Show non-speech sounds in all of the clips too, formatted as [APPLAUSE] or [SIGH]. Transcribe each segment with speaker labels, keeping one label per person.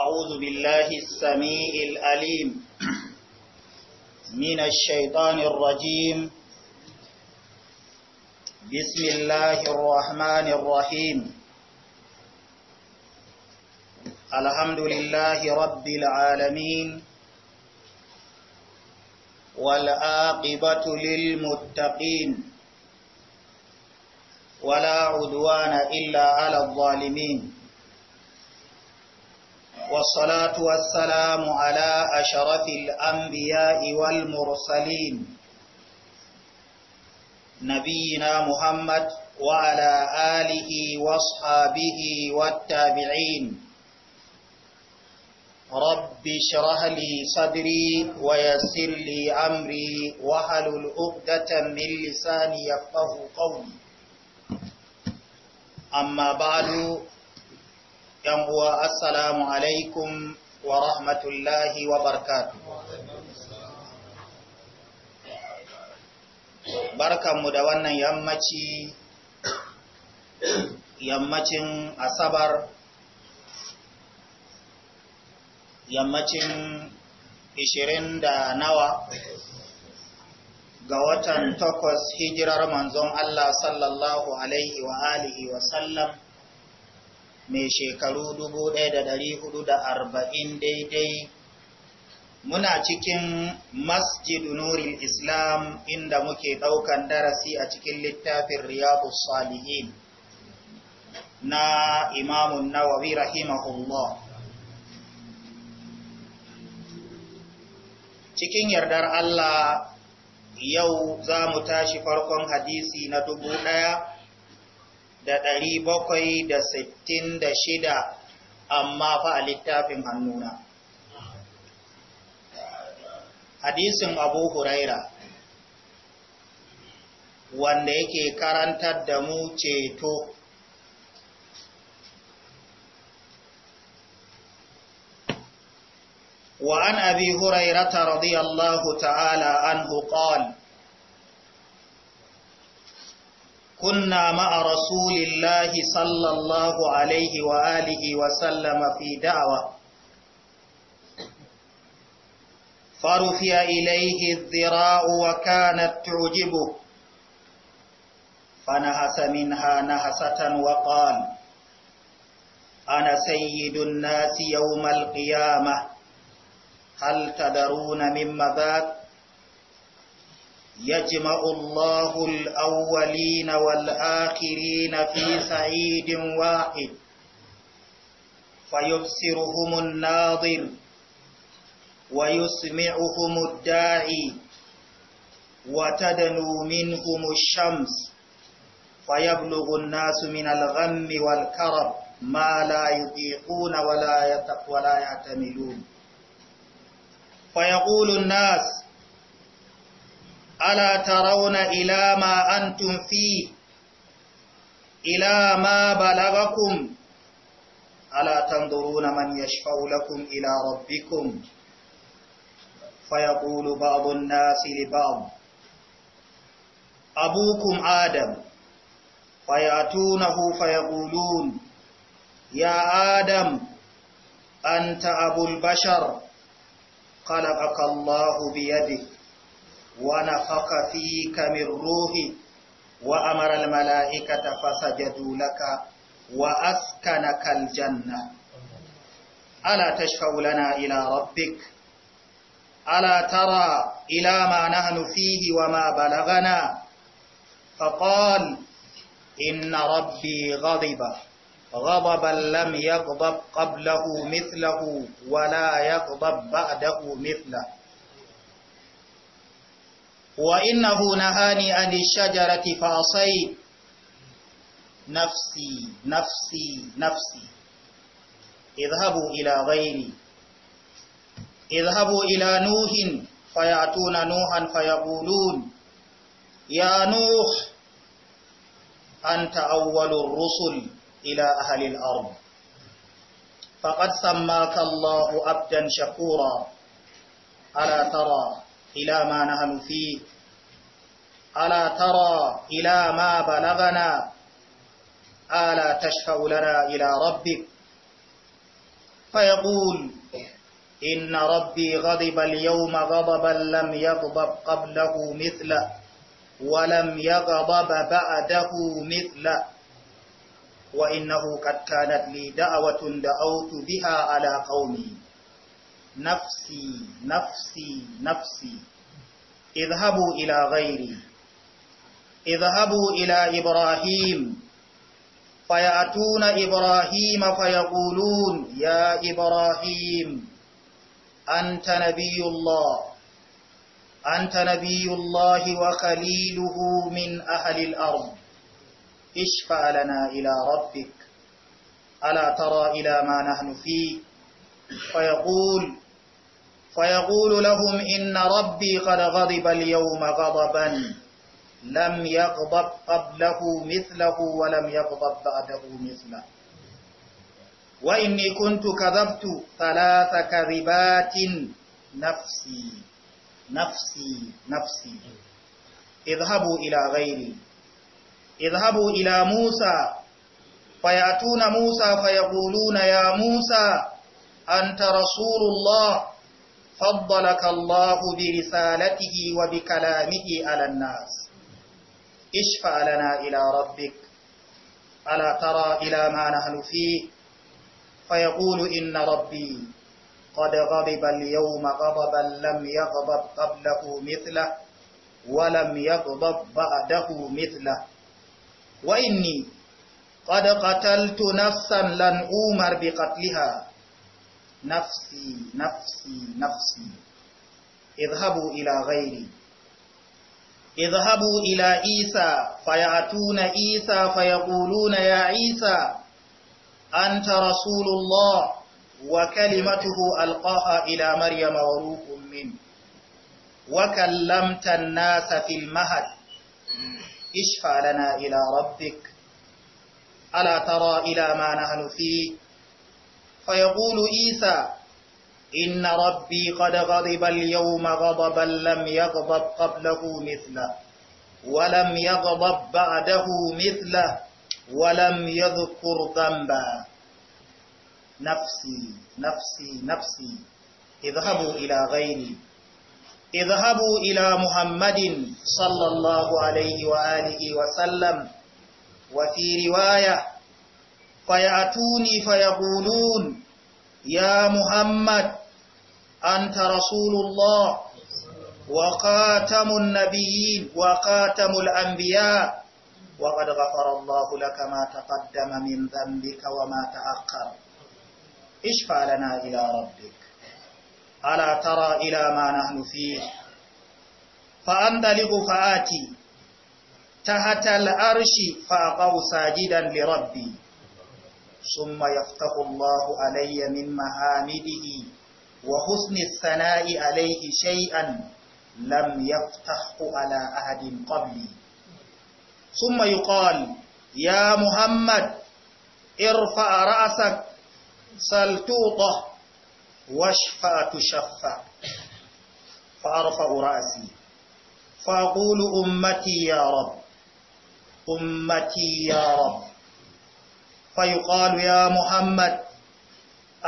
Speaker 1: أعوذ بالله السميع الأليم من الشيطان الرجيم بسم الله الرحمن الرحيم الحمد لله رب العالمين والآقبة للمتقين ولا عدوان إلا على الظالمين والصلاة والسلام على أشرف الأنبياء والمرسلين نبينا محمد وعلى آله واصحابه والتابعين رب شرح لي صدري ويسر لي أمري وحل الأبدة من لساني يفقه قولي أما بعد yan uwa assalamu alaikum wa rahmatullahi wa barkatu. barkanmu da wannan yammaci yammacin asabar yammacin ishirin da nawa ga watan takwas hijirar manzon Allah sallallahu alaihi wa alihi wa sallam mai shekaru dubu ɗaya da da hudu ɗari arba'in daidai muna cikin masjid nuril islam inda muke ɗaukan darasi a cikin littafin Riyabu salihin na imamun nawawi rahimahullah cikin yardar Allah yau za mu tashi farkon hadisi na dubu ɗaya da ɗari bakwai da sittin da shida amma fa a littafin hannuna. Hadisin Abu Huraira wanda yake karantar da mu ceto وعن أبي هريرة رضي الله تعالى عنه قال كنا مع رسول الله صلى الله عليه وآله وسلم في دعوة فرفع إليه الذراع وكانت تعجبه فنهس منها نهسة وقال أنا سيد الناس يوم القيامة هل تدرون مما ذاك يجمع الله الأولين والآخرين في سعيد واحد فيبصرهم الناظر ويسمعهم الداعي وتدنو منهم الشمس فيبلغ الناس من الغم والكرب ما لا يطيقون ولا ولا يعتملون فيقول الناس ألا ترون إلى ما أنتم فيه إلى ما بلغكم ألا تنظرون من يشفع لكم إلى ربكم فيقول بعض الناس لبعض أبوكم آدم فيأتونه فيقولون يا آدم أنت أبو البشر خلقك الله بيده ونفخ فيك من روحي وأمر الملائكة فسجدوا لك وأسكنك الجنة ألا تشفع لنا إلى ربك ألا ترى إلى ما نحن فيه وما بلغنا فقال إن ربي غضب غضبا لم يغضب قبله مثله ولا يغضب بعده مثله وإنه نهاني عن الشجرة فأصي نفسي نفسي نفسي اذهبوا إلى غيري اذهبوا إلى نوح فيأتون نوحا فيقولون يا نوح أنت أول الرسل إلى أهل الأرض فقد سماك الله عبدا شكورا ألا ترى إلى ما نحن فيه ألا ترى إلى ما بلغنا ألا تشفع لنا إلى ربك فيقول إن ربي غضب اليوم غضبا لم يغضب قبله مثله ولم يغضب بعده مثله وإنه قد كانت لي دعوة دعوت بها على قومي نفسي نفسي نفسي اذهبوا إلى غيري اذهبوا إلى إبراهيم فيأتون إبراهيم فيقولون يا إبراهيم أنت نبي الله أنت نبي الله وخليله من أهل الأرض اشفع لنا إلى ربك ألا ترى إلى ما نحن فيه فيقول فيقول لهم إن ربي قد غضب اليوم غضبا لم يغضب قبله مثله ولم يغضب بعده مثله وإني كنت كذبت ثلاث كذبات نفسي نفسي نفسي اذهبوا إلى غيري اذهبوا إلى موسى فيأتون موسى فيقولون يا موسى أنت رسول الله فضلك الله برسالته وبكلامه على الناس اشفع لنا إلى ربك ألا ترى إلى ما نحن فيه فيقول إن ربي قد غضب اليوم غضبا لم يغضب قبله مثله ولم يغضب بعده مثله وإني قد قتلت نفسا لن أومر بقتلها نفسي نفسي نفسي اذهبوا إلى غيري اذهبوا إلى عيسى فيأتون عيسى فيقولون يا عيسى أنت رسول الله وكلمته ألقاها إلى مريم وروح منه وكلمت الناس في المهد اشفع لنا إلى ربك ألا ترى إلى ما نحن فيه فيقول عيسى إن ربي قد غضب اليوم غضبا لم يغضب قبله مثله ولم يغضب بعده مثله ولم يذكر ذنبا نفسي نفسي نفسي اذهبوا إلى غيري اذهبوا إلى محمد صلى الله عليه وآله وسلم وفي رواية فيأتوني فيقولون يا محمد أنت رسول الله وقاتم النبيين وقاتم الأنبياء وقد غفر الله لك ما تقدم من ذنبك وما تأخر اشفع لنا إلى ربك ألا ترى إلى ما نحن فيه فأندلق فآتي تحت الأرش فأقو ساجدا لربي ثم يفتح الله علي من محامده وحسن الثناء عليه شيئا لم يفتحه على أحد قبلي ثم يقال يا محمد ارفع رأسك سلتوطة واشفى واشفع تشفع فأرفع رأسي فأقول أمتي يا رب أمتي يا رب فيقال يا محمد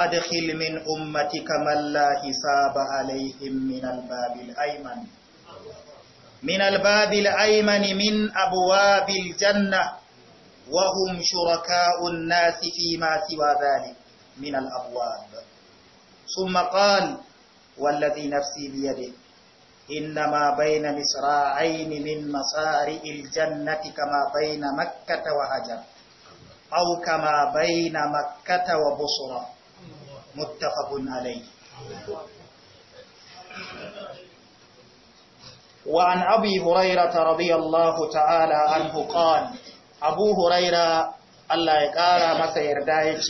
Speaker 1: أدخل من أمتك من لا حساب عليهم من الباب الأيمن من الباب الأيمن من أبواب الجنة وهم شركاء الناس فيما سوى ذلك من الأبواب ثم قال والذي نفسي بيده إنما بين مصراعين من مصارئ الجنة كما بين مكة وهجر أو كما بين مكة وبصرة متفق عليه وعن أبي هريرة رضي الله تعالى عنه قال أبو هريرة الله يقال ما سيردائك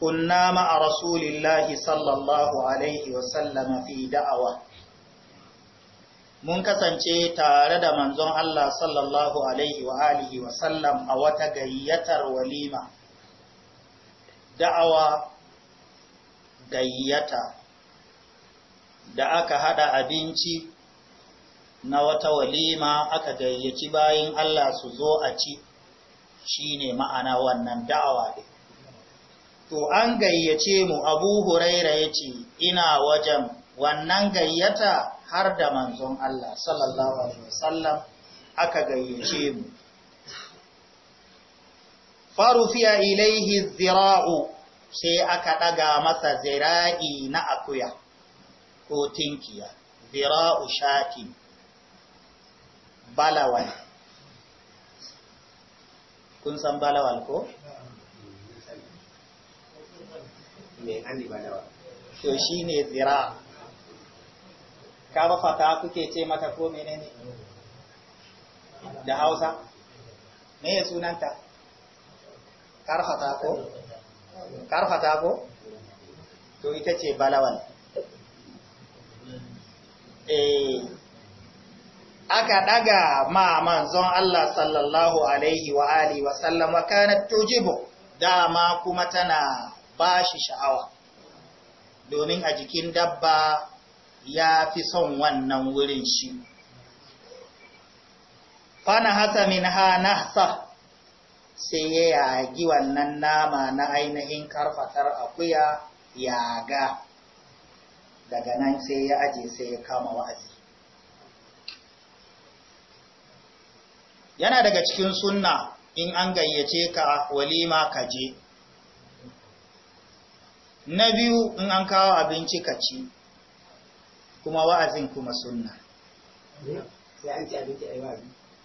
Speaker 1: كنا مع رسول الله صلى الله عليه وسلم في دعوة mun kasance tare da manzon Allah sallallahu alaihi wa alihi wa sallam a wata gayyatar walima da'awa gayyata da aka hada abinci na wata walima aka gayyaci bayan Allah su zo a ci shi ne ma'ana wannan da'awa ne? to an gayyace mu Abu Huraira ce ina wajen wannan gayyata har da manzon Allah sallallahu alaihi wasallam aka gayyace mu farufiya ilaihi zira'u sai aka ɗaga masa zira'i na akuya ko tinkiya zira'u shati balawal kun san balawal ko? me an balawal to shine zira' kaba fata kuke ce mata ko menene da hausa me ya sunanta karfata ko karfata ko to ita ce balawal eh aka daga ma manzon Allah sallallahu alaihi wa alihi wa sallam wa kanat tujibu dama kuma tana bashi sha'awa domin a jikin dabba ya fi son wannan wurin shi fana hasa min ha sa sai ya yagi wannan nama na ainihin karfatar akuya ya ga, daga nan sai ya aje sai ya kama wa'azi yana daga cikin sunna in an gayyace ka walima ka je na biyu in an kawo abinci ka ci kuma wa'azin kuma sunna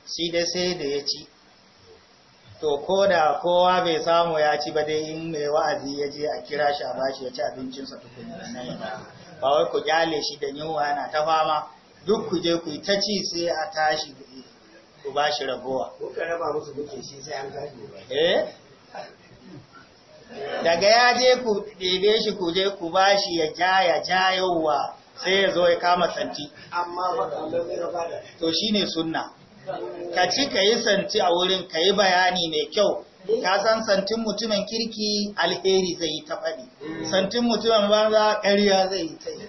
Speaker 1: shi dai sai da ya ci to ko da kowa bai samu ya ci ba dai in mai wa'azi ya je a kira shi a bashi ya ci abincinsa da na yi ba wai ku gyale shi da yunwa yana ta fama duk ku je ku yi ta ci sai a tashi ku ba shi ragowa eh? daga ya je ku ɗebe shi ku je ku ba shi ya ja ya jayowa sai ya zo ya kama santi to shine sunna ka ci ka yi santi a wurin ka yi bayani mai kyau ka san santin mutumin kirki alheri zai yi ta faɗi hmm. santin mutumin banza ƙarya zai yi ta yi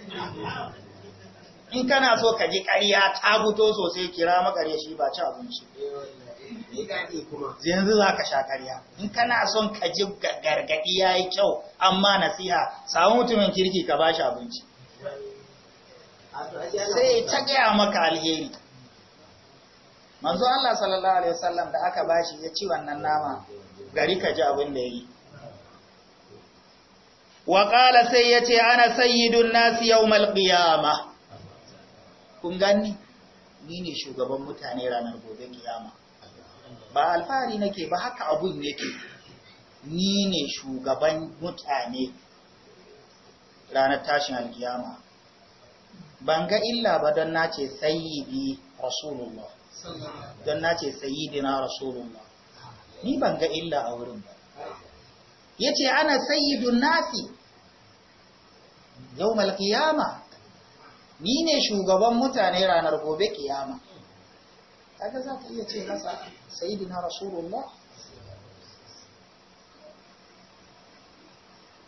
Speaker 1: in kana so ka ji ƙarya ta fito sosai kira makarya shi ba ci abinci eh, yanzu za ka sha ƙarya in kana son ka ji gargaɗi ya yi kyau amma nasiha samu mutumin kirki ka ba shi abinci sai ta gaya maka alheri manzo Allah sallallahu alaihi wasallam da aka bashi ya ci wannan nama gari ka ji abin da yi wa qala sai yace ana sayyidun nas yawmal qiyama kun gani ni ne shugaban mutane ranar gobe kiyama ba alfahari nake ba haka abun yake ni ne shugaban mutane ranar tashin alkiyama ban ga illa ba don na ce sayyidi rasulullah don na ce sayyidina rasulullah ni ban ga illa a wurin ba ya ce ana sayyidun nasi yau malkiyama ni ne shugaban mutane ranar gobe kiyama kaga za ka iya ce nasa sayyidina rasulullah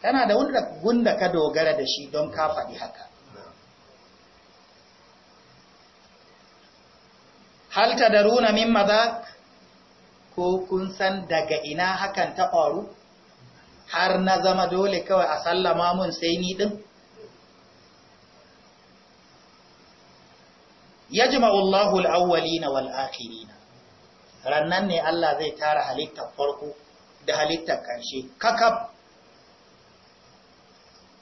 Speaker 1: kana da wanda gunda ka dogara da shi don ka faɗi haka hal runa runamin maza ko kun san daga ina hakan ta faru har na zama dole kawai a sallama mun sai ni din yajma'u Allahu al-awwalina wal akhirina rannan ne Allah zai tara halittar farko da halittar karshe kakab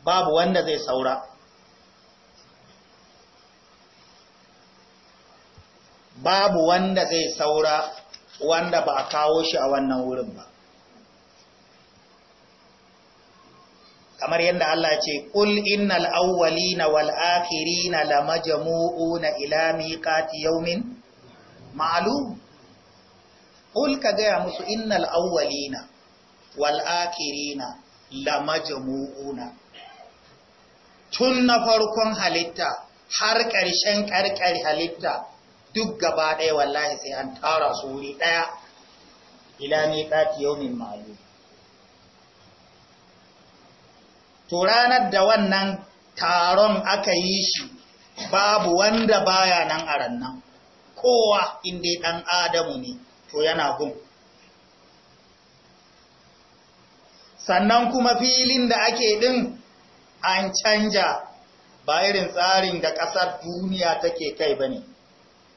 Speaker 1: babu wanda zai saura babu wanda zai saura wanda ba a kawo shi a wannan wurin ba kamar yadda Allah ce qul innal na wal akhirina lamajmu'una ila miqati yawmin ma'alum. qul ka gaya musu innal na wal akhirina lamajmu'una tun na farkon halitta har ƙarshen ƙarƙar halitta duk gaba ɗaya wallahi sai an tara su wuri ɗaya ila yau yawmin malu. to ranar da wannan taron aka yi shi babu wanda baya nan a rannan kowa inda ɗan adamu ne to yana gun sannan kuma filin da ake ɗin an canja ba irin tsarin da ƙasar duniya take kai ba ne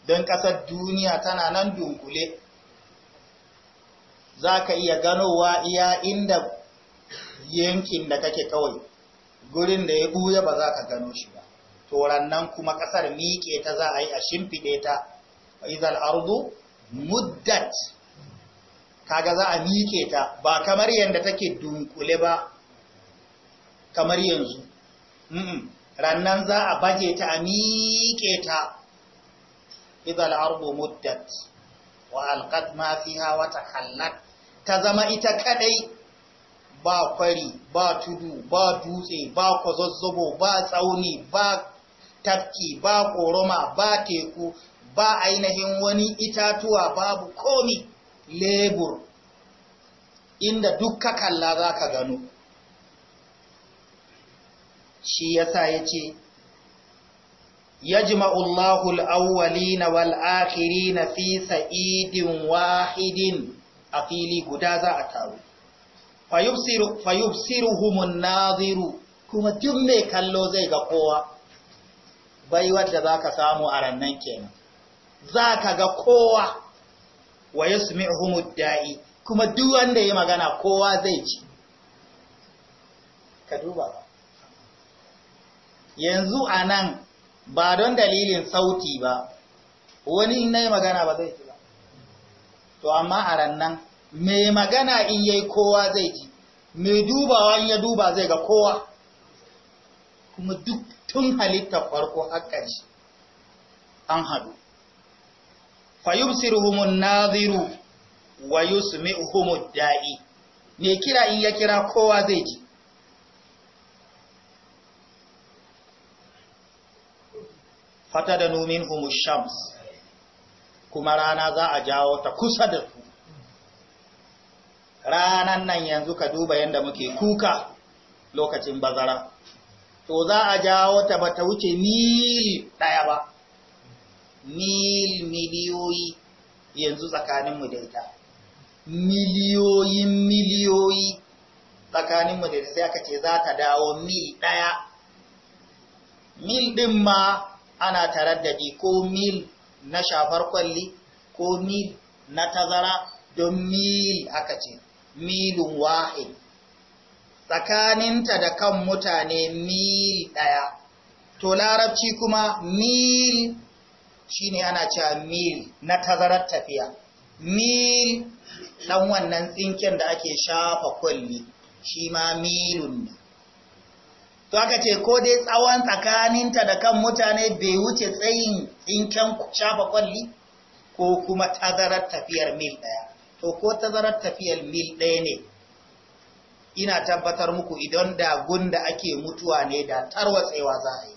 Speaker 1: don ƙasar duniya tana nan dunkule za ka iya ganowa iya inda yankin da kake kawai gurin da ya buya ba za ka gano shi ba To rannan kuma ƙasar miƙe ta za a yi a shimfiɗe ta izal ardu muddat kaga za a miƙe ta ba kamar yadda take dunkule ba kamar yanzu rannan za a baje ta a miƙe ta idal arbu muddat wa alqat ma fiha wa tahallat ta zama ita kadai ba kwari ba tudu ba dutse ba kwazazzabo ba tsauni ba tafki ba koroma ba teku ba ainihin wani itatuwa babu komi lebur inda dukka kalla za ka gano shi yasa ya ce Ya na يجمع الله الأولين والآخرين في سعيد واحد أفيلي قدازة أتاوي فيبصر فيبصرهم الناظر كما mai kallo zai ga baiwar da za ka samu a rannan kenan za ka ga kowa wa ya sumi da'i kuma duk wanda ya magana kowa zai ci ka duba yanzu a nan ba don dalilin sauti ba wani in yi magana ba zai ji ba to amma a rannan mai magana in yayi kowa zai ji mai dubawa in ya duba zai ga kowa kuma duk tun halitta farko haka shi an haɗu sirhumun naziru wa yusmi'uhumud da'i me kira in ya kira kowa zai ji fata da numin shams kuma rana za a jawo ta kusa da su ranan nan yanzu ka duba yadda muke kuka lokacin bazara to za a jawo ta ba ta wuce mil daya ba mil miliyoyi yanzu tsakaninmu da ita miliyoyin miliyoyi tsakaninmu da ita sai aka ce za ta dawo mil daya, mil ɗin ma ana taraddadi ko mil na shafar kwalli ko mil na tazara don mil aka ce milun wahid tsakaninta da kan mutane mil ɗaya to larabci kuma mil ne ana cewa mil na tazarar tafiya mil ɗan wannan tsinken da ake shafa kwalli shi ma milun ne to aka ce ko dai tsawon tsakaninta da kan mutane bai wuce tsayin tsinken shafa kwalli ko kuma tazarar tafiyar mil ɗaya to ko tazarar tafiyar mil ɗaya ne ina tabbatar muku idan da gunda ake mutuwa ne da tarwatsewa za a yi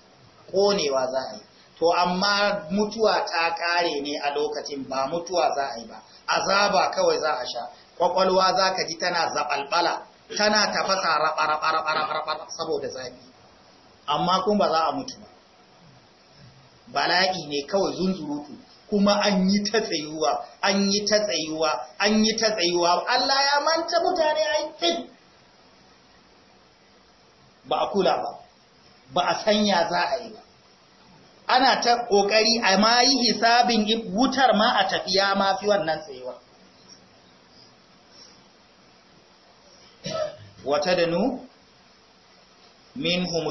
Speaker 1: ƙonewa za a yi to amma mutuwa ta ƙare ne a lokacin ba mutuwa za a yi ba azaba kawai za a sha kwakwalwa za ka ji tana zaɓalɓala tana tafasa raɓa-raɓa-raɓa saboda zafi amma kun ba za a mutu ba bala'i ne kawai zunzurutu kuma an yi ta tsayuwa an yi ta tsayuwa an yi ta tsayuwa Allah ya manta mutane a yi ba a kula ba ba a sanya za a yi ba ana ta kokari a ma yi hisabin wutar ma a tafiya ma fi wannan tsayuwa wata da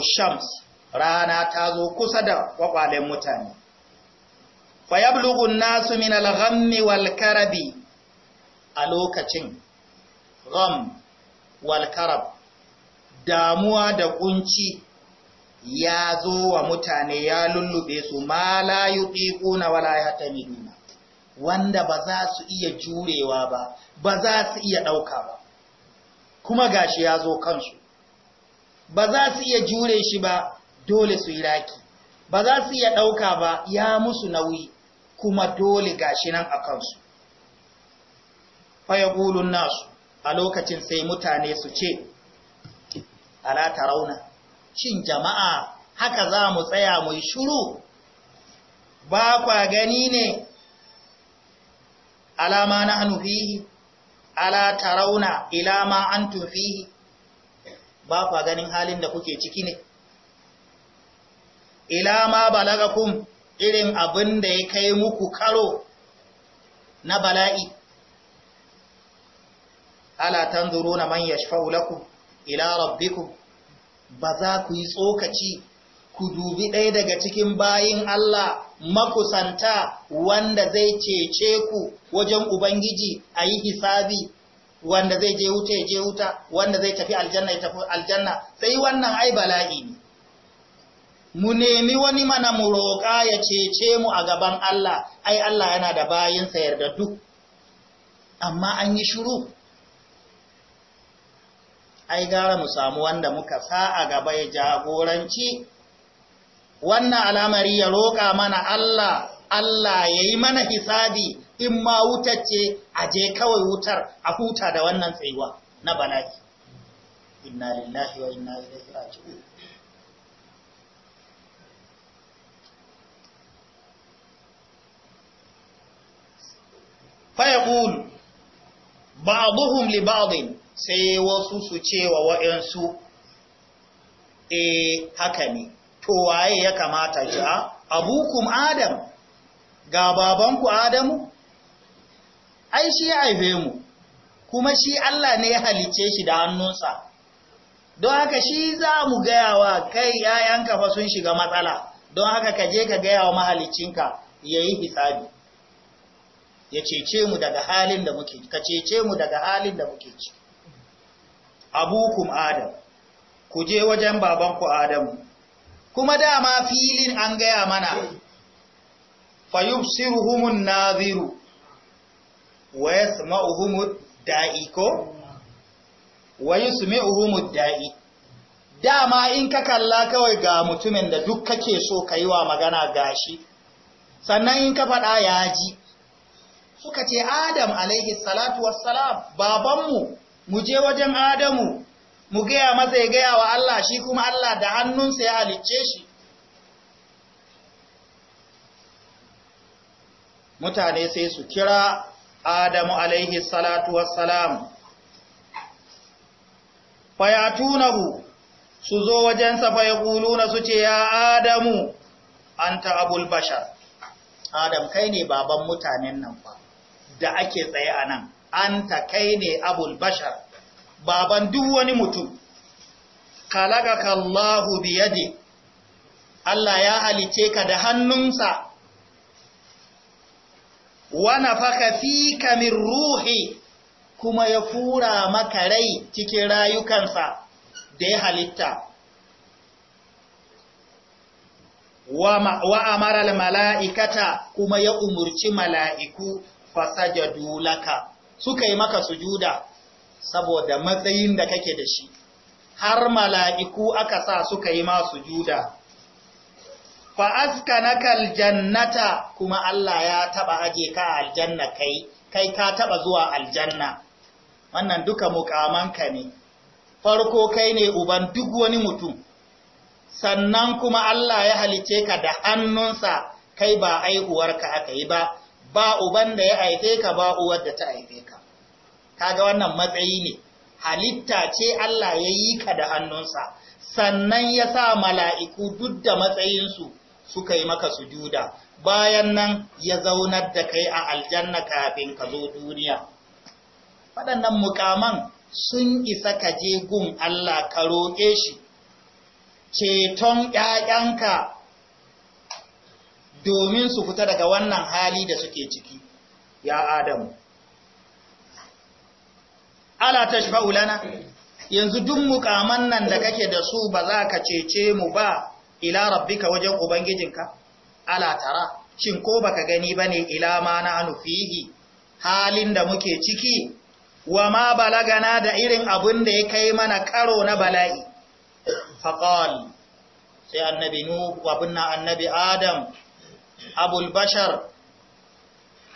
Speaker 1: shams rana ta zo kusa da kwakwalen mutane an nasu min al-ghammi wal karabi a lokacin gham wal karab damuwa da kunci ya zo wa mutane ya lullube su ma la yuqiquna wala yahtamiduna wanda ba za su iya jurewa ba ba za su iya dauka ba kuma gashi ya zo kansu ba za su iya jure shi ba dole su yi raki ba za su iya ɗauka ba ya musu nauyi kuma dole gashi nan a kansu fayagulun nasu a lokacin sai mutane su ce ala tarauna shin jama'a haka za mu tsaya mu yi shuru ba kwa gani ne alama na hannufihi ala tarauna ila ma antum fihi ba fa ganin halin da kuke ciki ne ila ma balagakum irin abin da ya kai muku karo na bala'i ala tanzuruna man yashfa'u lakum ila rabbikum ba za ku yi tsokaci ku dubi ɗaya daga cikin bayin Allah makusanta wanda zai cece ku wajen Ubangiji a yi hisabi wanda zai je wuta ya je wuta wanda zai tafi aljanna ya tafi aljanna sai wannan ai bala'i ne mu nemi wani mana mu roƙa ya cece mu a gaban Allah ai Allah yana da bayinsa da duk amma an yi shiru ai gara mu samu wanda muka sa a gaba ya jagoranci wannan al'amari ya roƙa mana Allah Allah ya yi mana hisabi in ma wutar ce a je kawai wutar a huta da wannan tsayuwa na bala'i inna lillahi wa inna ilaihi raji'un fa yaqulu ba'dhum li ba'd sai wasu su cewa wa eh haka ne to waye ya kamata ki a abukum adam ga babanku adamu ai shi ya haife mu kuma shi Allah ne ya halice shi da hannunsa don haka shi za mu gaya wa kai ‘ya'yanka fa sun shiga matsala don haka ka je ka gaya wa mahalicinka ya yi hisabi ya cece mu daga halin da muke ka cece mu daga halin da muke ci abukum adam ku je wajen babanku adamu kuma dama filin an gaya mana fayubsiruhumun naziru wa yasma'uhumud da'i ko wa yusmi'uhumud da'i dama in ka kalla kawai ga mutumin da duk kake so ka yi wa magana gashi sannan in ka faɗa ya ji suka ce adam alaihi salatu wassalam babanmu mu je wajen adamu mu gaya masa ya gaya wa Allah shi kuma Allah da hannunsa ya halicce shi mutane sai su kira Adamu alaihi salatu wassalam fayatunahu su zo wajensa na su ce ya Adamu an abul bashar Adam kai ne baban mutanen nan ba da ake tsaye a nan an ta kai ne abul bashar baban duk wani mutum kalakaka Allahu biyade Allah ya halice ka da hannunsa wana faka fika min ruhi kuma ya fura maka rai cikin rayukansa da ya halitta wa amara mala'ikata kuma ya umurci mala'iku fasajadu laka suka yi maka sujuda saboda matsayin da kake da shi har mala'iku aka sa suka yi masu juda fa na kaljannata, kuma Allah ya taba aje ka aljanna kai kai ka taba zuwa aljanna wannan duka mukamanka ne farko kai ne uban duk wani mutum sannan kuma Allah ya halice ka da hannunsa kai ba aihuwarka aka yi ba ba uban da ya aike ka ba uwar da ta aike ka kaga wannan matsayi ne halitta ce Allah ya yi ka da hannunsa sannan ya sa mala'iku duk da matsayinsu suka yi maka sujuda bayan nan ya zaunar da kai a aljanna kafin ka zo duniya waɗannan mukaman sun isa ka je gun Allah ka roƙe shi ceton ‘ya'yanka domin su fita daga wannan hali da suke ciki ya Adamu ala tashfa'u lana yanzu duk mukaman nan da kake da su ba za ka cece mu ba ila rabbika wajen ubangijinka ala tara shin ko baka gani ba ne ila ma na anufihi halin da muke ciki wa ma balagana da irin abin da ya kai mana karo na bala'i faqal sai annabi nu wa binna annabi adam abul bashar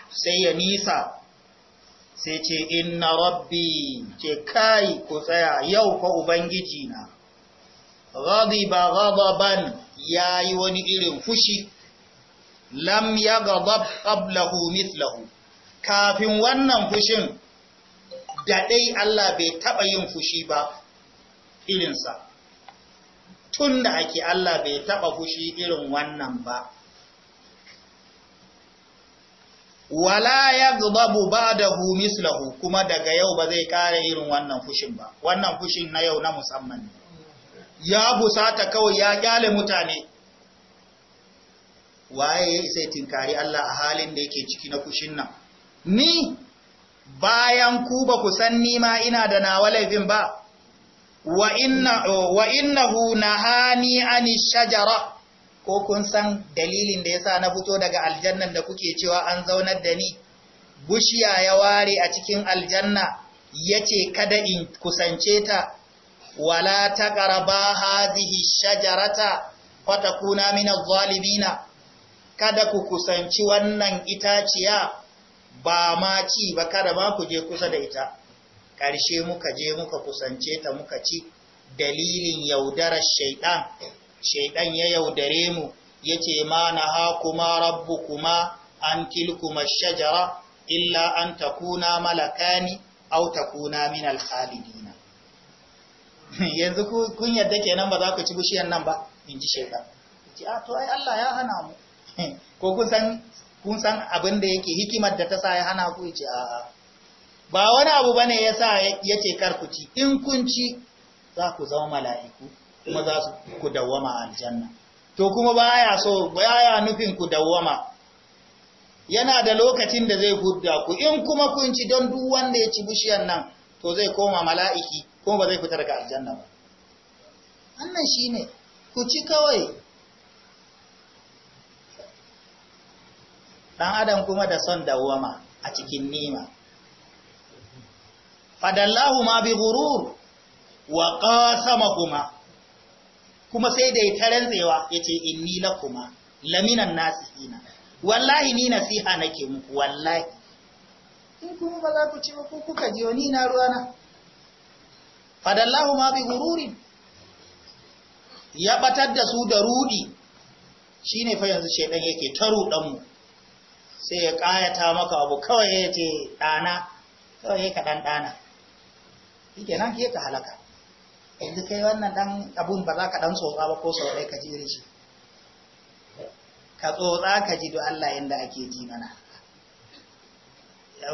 Speaker 1: sai ya nisa sai ce inna rabbi ce kai ku tsaya yau fa ubangiji na ghadiba ghadaban yayi wani irin fushi lam yaghdab qablahu mithlahu kafin wannan fushin da dai Allah bai taba yin fushi ba irinsa tunda ake Allah bai taba fushi irin wannan ba wala ya zubabu ba da mislahu kuma daga yau ba zai ƙara irin wannan fushin ba wannan fushin na yau na musamman ne ya busata kawai ya kyale mutane waye ya isa tinkari Allah a halin da yake ciki na fushin nan ni bayan ku ba ku san ni ma ina da nawa laifin ba wa inna wa innahu nahani ani shajara ko kun san dalilin da ya sa na fito daga aljannan da kuke cewa an zaunar da ni bushiya ya ware a cikin aljanna ya ce kada in kusance ta wala taqraba hadhihi shajarata fatakuna kuna mina kada ku kusanci wannan itaciya ba ma ci ba kada ma ku je kusa da ita ƙarshe muka je muka kusance ta muka ci dalilin yaudarar shaiɗan shaidan ya yaudare mu yace ma Rabbu Kuma an tilkuma shajara illa an ta takuna malakani ta kuna min al yanzu kun yadda ke nan ba za ku ci bishiyan nan ba in ji shaidan a to ai Allah ya hana mu [LAUGHS] ko kun san abin da yake hikimar da ta sa ya hana ku ce a'a ba wani abu bane yasa yace kar ku ci in kun ci za ku zama mala'iku kuma za su ku dawwama aljanna to kuma baya so baya nufin ku dawwama yana da lokacin da zai gudda ku in kuma kun ci don duk wanda ya ci bishiyar nan to zai koma mala'iki kuma ba zai fita daga aljanna ba annan shine ku ci kawai dan adam kuma da son dawwama a cikin nima fadallahu ma bi ghurur wa qasamahuma kuma sai da ya tarantsewa ya ce inni kuma laminan nasihina wallahi ni nasiha nake muku wallahi in kuma ba za ku ci ba ku kuka ji ni na ruwana fadallahu ma bi hururi. ya batar da su da rudi shine fa yanzu shedan yake ta rudan mu sai ya kayata maka abu kawai ya ce dana kawai ka dan dana yake nan ke ka halaka yanzu kai wannan dan abun ba za ka dan tsotsa ba ko sau ɗaya ka jire shi ka tsotsa ka ji don Allah yadda ake ji mana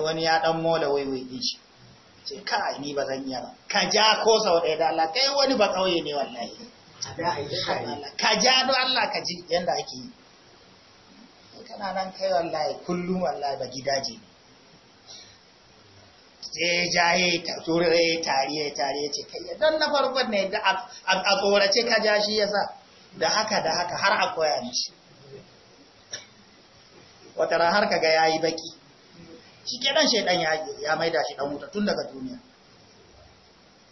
Speaker 1: wani ya dan mola waiwai din shi ce kai ni ba zan iya ba ka ja ko sau ɗaya da Allah kai wani ba kauye ne wallahi ka ja don Allah ka ji yadda ake yi kana nan kai wallahi kullum wallahi ba gidaje ne sai ja ya yi turu ya tare ya tare ya ce kai don na farko ne da a tsorace ka ja shi ya sa da haka da haka har a koya mishi wata ran har kaga ya yi baki shi ɗan shaidan ya ya maida shi ɗan wuta tun daga duniya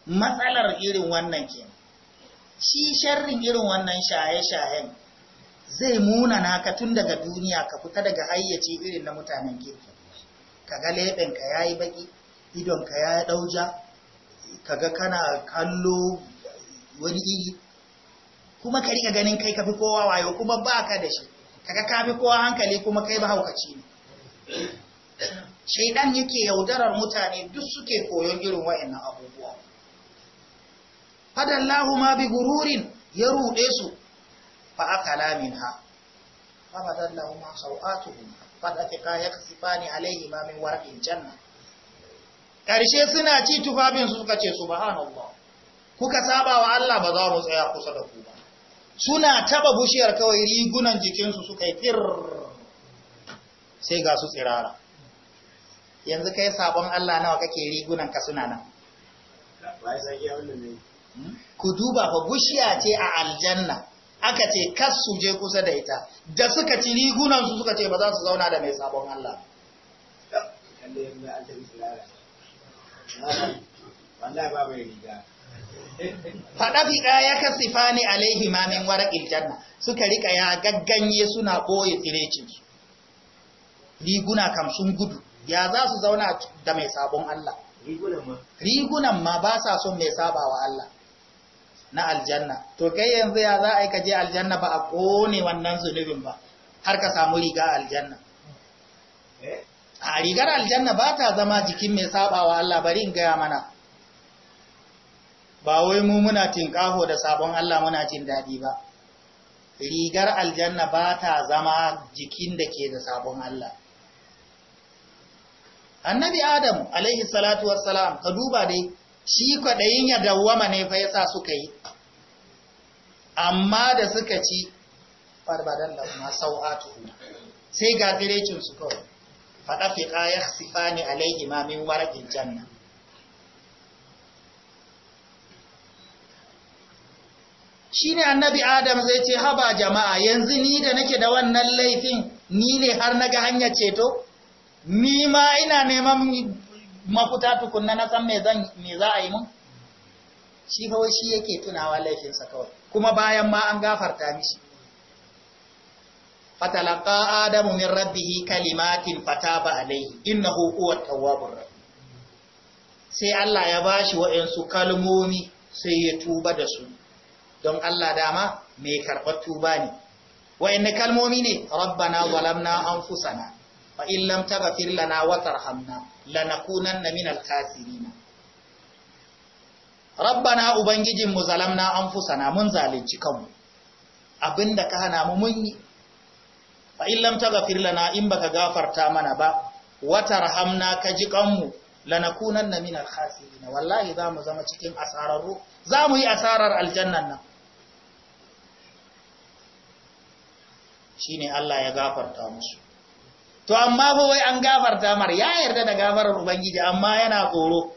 Speaker 1: matsalar irin wannan kenan shi sharrin irin wannan shaye-shayen zai muna naka tun daga duniya ka fita daga hayyaci irin na mutanen kirki ga leɓenka ya yi baki. idonka ya dauja kaga kana kallo wani iri kuma ka riga ganin kai kafi kowa wayo kuma baka da shi kaga kafi kowa hankali kuma kai ba haukaci ne shaidan yake yaudarar mutane duk suke koyon irin wa'annan abubuwa fadallahu ma bi gururin ya rude su fa akala minha fa fadallahu ma sawatuhum fa dafiqa yaksifani alayhi ma min warqin janna ƙarshe suna ci tufafin su suka ce subhanallah kuka saba wa Allah ba za mu tsaya kusa da ku ba suna taba bushiyar kawai rigunan jikinsu suka yi fir sai ga su tsirara yanzu kai sabon Allah nawa kake rigunan ka suna nan hmm? ku duba fa bushiya ce a aljanna aka ce kas su je kusa da ita da suka ci rigunan su suka ce ba za su zauna da mai sabon Allah wallahi ba ya kasifa ne alaihi mamin wara janna suka riƙa ya gagganye suna ɓoye tsirecinsu riguna kam sun gudu ya za su zauna da mai sabon Allah rigunan ma ba sa son mai sabawa Allah na aljanna to kai yanzu ya za a yi kaje aljanna ba a ƙone wannan zunubin ba har ka samu riga aljanna a rigar aljanna ba ta zama jikin mai sabawa Allah bari in gaya mana ba wai mu muna tinkaho da sabon Allah muna jin daɗi ba rigar aljanna ba ta zama jikin da ke da sabon Allah annabi adam alaihi salatu wassalam ka duba dai shi kwaɗayin ya dawwama ne fa yasa suka yi amma da suka ci farbadan lauma sau'atu sai ga su kawai faɗafiƙa ya sifani alaihi mamin warakin janna shi ne annabi adam zai ce haba jama'a yanzu ni da nake da wannan laifin ni ne har na ga hanyar ceto ni ma ina neman mafuta tukunna na san me za a yi mun shi kawai shi yake tunawa laifinsa kawai kuma bayan ma an gafarta mishi fatalaqa adamu min rabbih kalimatin fataba alayhi innahu huwa tawwabur rahim sai Allah ya bashi wa'ansu kalmomi sai ya tuba da su don Allah dama mai karɓar tuba ne wa'anne kalmomi ne rabbana zalamna anfusana fa in lam taghfir lana wa tarhamna lanakunanna minal khasirin rabbana ubangijin mu zalamna anfusana mun zalunci kanmu abinda ka hana mu mun yi fa in lam lana in baka gafarta mana ba wa tarhamna ka ji kanmu lanakunanna min al wallahi za mu zama cikin asararru za mu yi asarar aljannan nan shine Allah ya gafarta musu to amma fa wai an gafarta mar ya yarda da gafarar ubangiji amma yana tsoro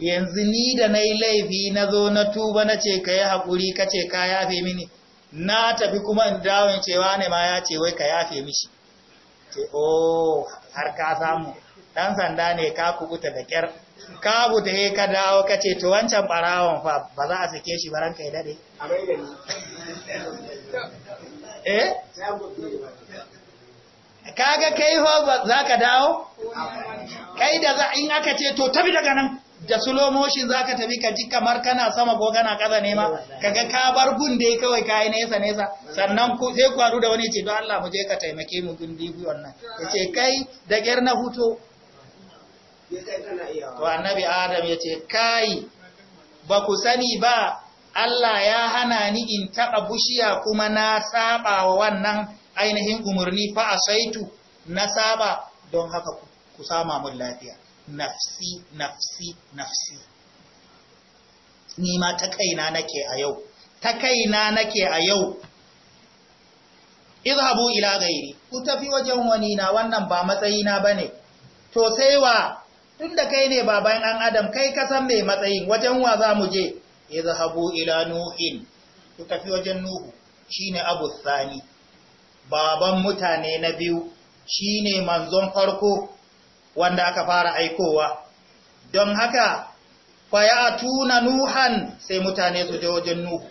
Speaker 1: yanzu ni da nayi laifi na zo na tuba na nace kai hakuri kace ka yafe mini na tafi kuma in dawon cewa ne ma ya ce wai ka yafe mishi ce oh har ka samu dan sanda ne ka kubuta da kyar ka buta he ka dawo ka ce to wancan barawon fa ba za a sake shi baran [LAUGHS] eh? kai dade eh kaga kai ho za ka dawo kai da za in aka ce to tafi daga nan da sulomoshin za ka tafi ka ji kamar kana sama ko kana kaza nema? ma kaga ka bar gun kawai kawai yi nesa nesa sannan ku sai kwaru da wani ce don Allah mu je ka taimake mu gundi dibi wannan yace kai da gyar na huto to annabi adam yace kai ba ku sani ba Allah ya hana ni in taɓa bushiya kuma na saba wa wannan ainihin umarni fa saitu na saba don haka ku sama mun lafiya nafsi nafsi nafsi ni ma ta kaina nake a yau ta kaina nake a yau izhabu ila gairi ku tafi wajen wani na wannan ba matsayina bane to sai wa tunda kai ne baban an adam kai ka san me matsayin wajen wa za mu je izhabu ila nuhin ku tafi wajen nuhu shine abu thani baban mutane na biyu shine manzon farko wanda aka fara aikowa don haka fa ya tuna nuhan sai mutane su je wajen nuhu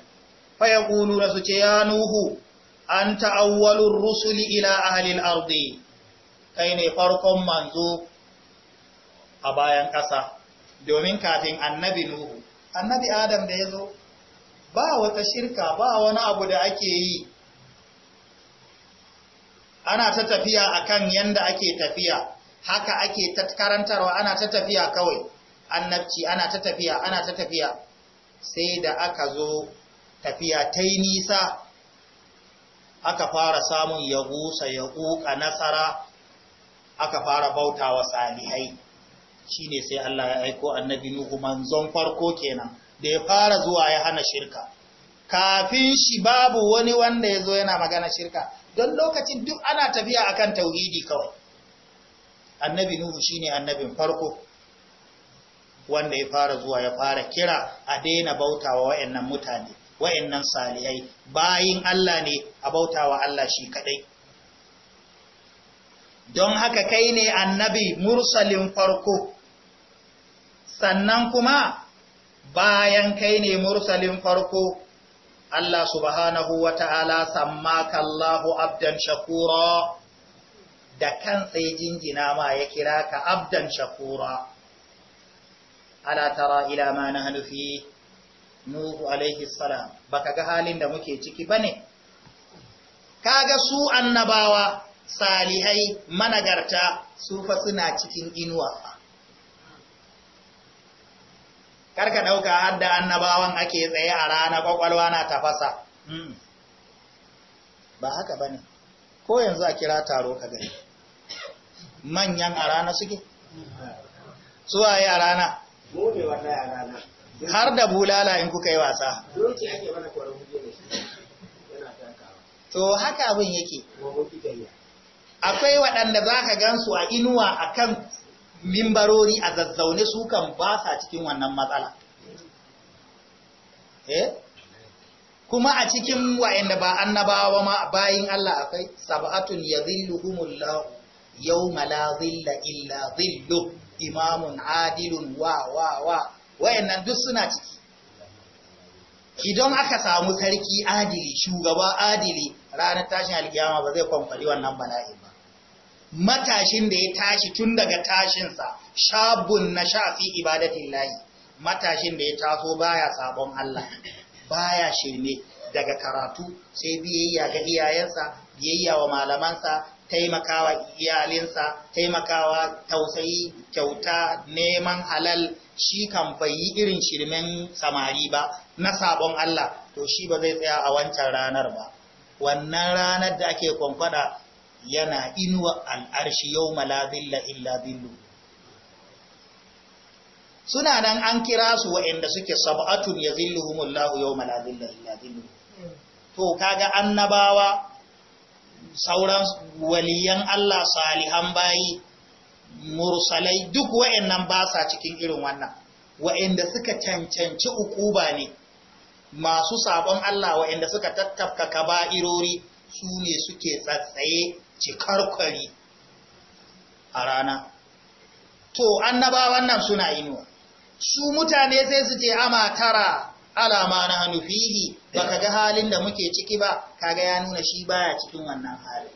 Speaker 1: Fa faya kununa su ce ya nuhu an ta'awwalur rusuli ila ahalin ardi kai ne farkon manzo a bayan ƙasa domin kafin annabi nuhu annabi adam da ya zo ba wata shirka ba wani abu da ake yi ana ta tafiya akan yanda ake tafiya haka ake ta karantarwa ana ta tafiya kawai annabci ana ta tafiya ana ta tafiya sai da aka zo tafiya ta yi nisa aka fara samun ya gusa ya ƙuƙa nasara aka fara bauta wa salihai shi ne sai Allah ya aiko annabi Nuhu manzon farko kenan da ya fara zuwa ya hana shirka kafin shi babu wani wanda ya zo yana magana shirka don lokacin duk ana tafiya akan tauhidi kawai annabi nuhu shine annabin farko wanda ya fara zuwa ya fara kira a daina bautawa wa'annan mutane wa'annan salihai bayin Allah ne a bautawa Allah shi kadai don haka kai ne annabi mursalin farko sannan kuma bayan kai ne mursalin farko Allah subhanahu wa ta'ala sammaka Allahu abdan shakura da kan ya jingina ma ya kira ka abdan shakura ala tara ila ma na fi nuhu alaihi salam baka ga halin da muke ciki bane kaga su annabawa salihai managarta su fa suna cikin inuwa karka dauka da annabawan ake tsaye a rana kwakwalwa na tafasa hmm. ba haka bane ko yanzu a kira taro ka gani manyan a rana suke suwa yi a rana har da bulala in kuka yi wasa to haka abin yake akwai waɗanda za ka gansu a inuwa a kan mimbarori a zazzaune su kan ba sa cikin wannan matsala eh kuma a cikin wa'anda ba annabawa ma bayin Allah akwai sab'atun yadhilluhumullahu yawma la zilla illa zillu imamun adilun wa wa wa wayannan duk suna ciki idan aka samu sarki adili shugaba adili ranar tashin alkiyama ba zai kwamfari wannan bala'in ba matashin da ya tashi tun daga tashinsa shabun na shafi ibadatin layi matashin da ya taso baya sabon Allah baya shirme daga karatu sai biyayya ga iyayensa biyayya wa malamansa taimakawa iyalinsa taimakawa tausayi kyauta neman halal shi kan bai yi irin shirmen samari ba na sabon Allah to shi ba zai tsaya a wancan ranar ba wannan ranar da ake kwankwada yana inuwa al'arshi yau malazilla illa billu suna nan an kira su wa'inda suke sab'atun ya zilluhumullahu yau malazilla illa billu to kaga annabawa sauran waliyan Allah salihan bayi mursalai duk wa'annan ba sa cikin irin wannan wa'anda suka cancanci ukuba ne masu sabon Allah wa'anda suka tattafka kaba'irori su ne suke tsatsaye cikar kwari a rana to annabawan nan suna inuwa su mutane sai su ce ama tara alama na hannu fihi ba ka ga halin da muke ciki ba kaga ya nuna shi baya cikin wannan halin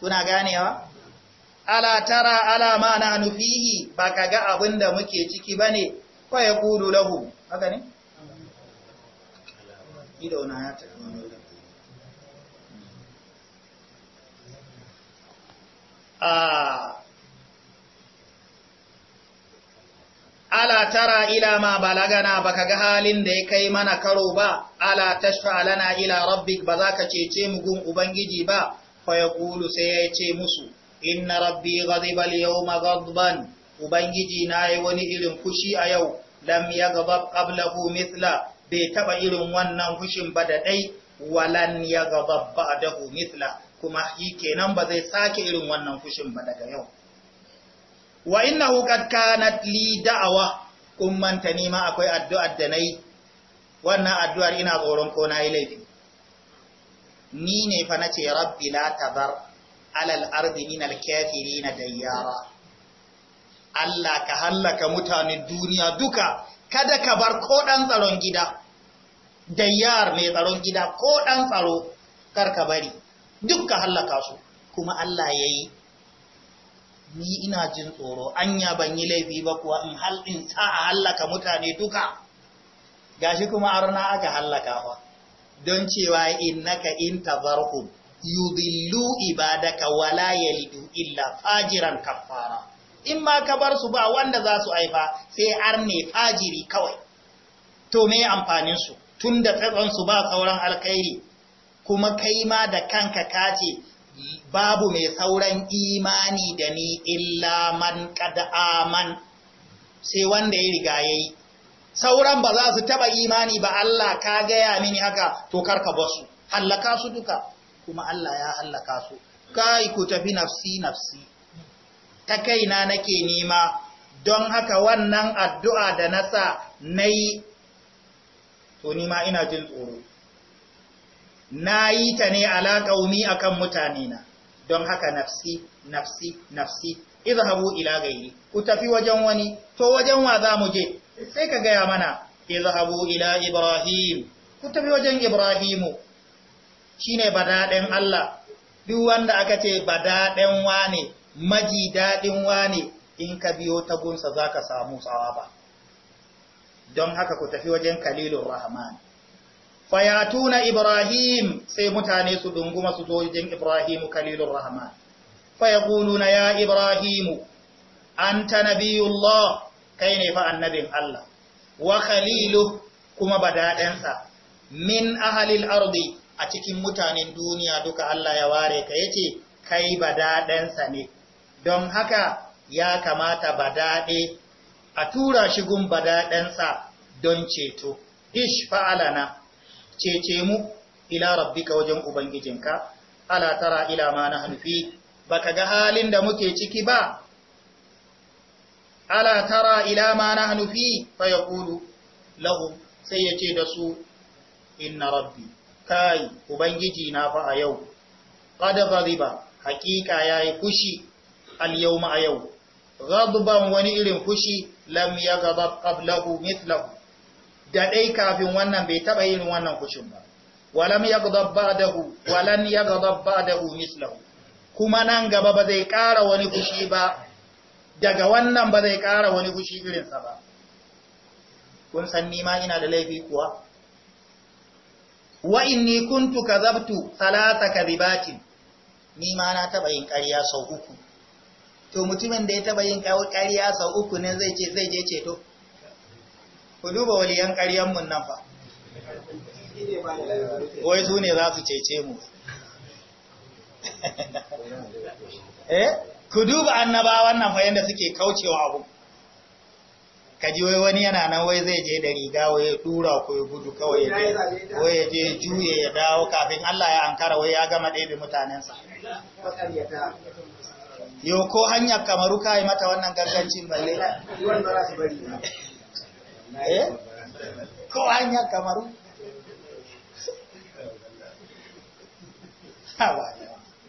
Speaker 1: kuna ganewa ala tara alama na hannu fihi ba ka ga abin da muke ciki ba ne kwa ya kudu lahu haka ne? idona ya ala tara ila ma balagana baka ga halin da ya kai mana karo ba ala tashfa lana ila rabbik ba za ka cece mu gun ubangiji ba fa ya kulu sai ya ce musu inna rabbi ghadiba al-yawma ghadban ubangiji na yi wani irin fushi a yau lam yaghdab qablahu mithla bai taba irin wannan fushin ba da dai walan yaghdab ba'dahu mithla kuma kenan ba zai sake irin wannan fushin ba daga yau wa innahu qad kanat li da'awa umman ni ma akwai addu'ar da nayi wannan addu'ar ina tsoron ko nayi laifi ni ne fa nace rabbi la ala alal ardi min al kafirin dayyara Allah ka hallaka mutanen duniya duka kada ka bar ko dan tsaron gida dayyar mai tsaron gida ko dan tsaro kar ka bari duk ka hallaka su kuma Allah yayi ni ina jin tsoro anya ban yi laifi ba kuwa in hal in sa a hallaka mutane duka gashi kuma arna aka hallaka wa? don cewa innaka in tazarhum yudillu ibadaka wala yalidu illa fajiran kafara in ma ka bar su ba wanda za su aifa sai arne fajiri kawai to me amfanin su tunda tsatson su ba sauran alkhairi kuma kai ma da kanka kace babu mai sauran imani da ni illa man kada aman sai wanda ya riga yayi sauran ba za su taba imani ba Allah ka gaya mini haka to karka basu hallaka su duka kuma Allah ya hallaka su kai ku tafi nafsi nafsi ta kaina nake nema don haka wannan addu'a da nasa nayi to nima ina jin tsoro na yi ta ne alaƙaumi a akan mutane na don haka nafsi nafsi nafsi habu ila gairi ku tafi wajen wani to wajen wa za mu je sai ka gaya mana habu ila ibrahim ku tafi wajen ibrahimu shine badaden Allah duk wanda aka ce wa wane maji wa wane in ka biyo tagunsa zaka samu tsawa ba? don haka ku tafi wajen kalilur rahman fayatuna ibrahim sai mutane su dunguma su zojin ibrahimu kalilur rahman fayaquluna ya ibrahimu anta nabiyullah kai ne fa annabin Allah wa khalilu kuma badadansa min ahalil ardi a cikin mutanen duniya duka Allah ya ware ka yace kai badadansa ne don haka ya kamata badade a tura shi gun don ceto ish fa'alana cece mu ila rabbika wajen ubangijinka ala tara ila ma na hanfi baka ga halin da muke ciki ba ala tara ila ma na hanfi fa yaqulu lahu sai yace da su inna rabbi kai ubangiji na fa a yau qad ghadiba hakika yayi fushi al yawma a yau ghadban wani irin fushi lam yaghdab qablahu mithlahu da dai kafin wannan bai taba yin wannan kushin ba walam yaghdab ba'dahu walan yaghdab ba'dahu mislahu kuma nan gaba ba zai ƙara wani kushi ba daga wannan ba zai ƙara wani kushi irinsa ba kun san ni ma ina da laifi kuwa wa inni kuntu kadhabtu salata kadhibatin ni ma na taba yin ƙarya sau uku to mutumin da ya taba yin ƙarya sau uku ne zai je zai je ceto ku duba waliyan ƙaryan mun nan fa wai su ne za su cece mu [LAUGHS] eh ku duba annabawan nan fa yanda suke kaucewa abu kaji wai wani yana nan wai zai je da riga wai ya dura ko ya gudu kawai ya wai ya je juye ya dawo kafin Allah ya ankara wai ya gama ɗebe mutanensa yau ko hanyar kamaru kai mata wannan gargancin balle eh ko hanyar kamaru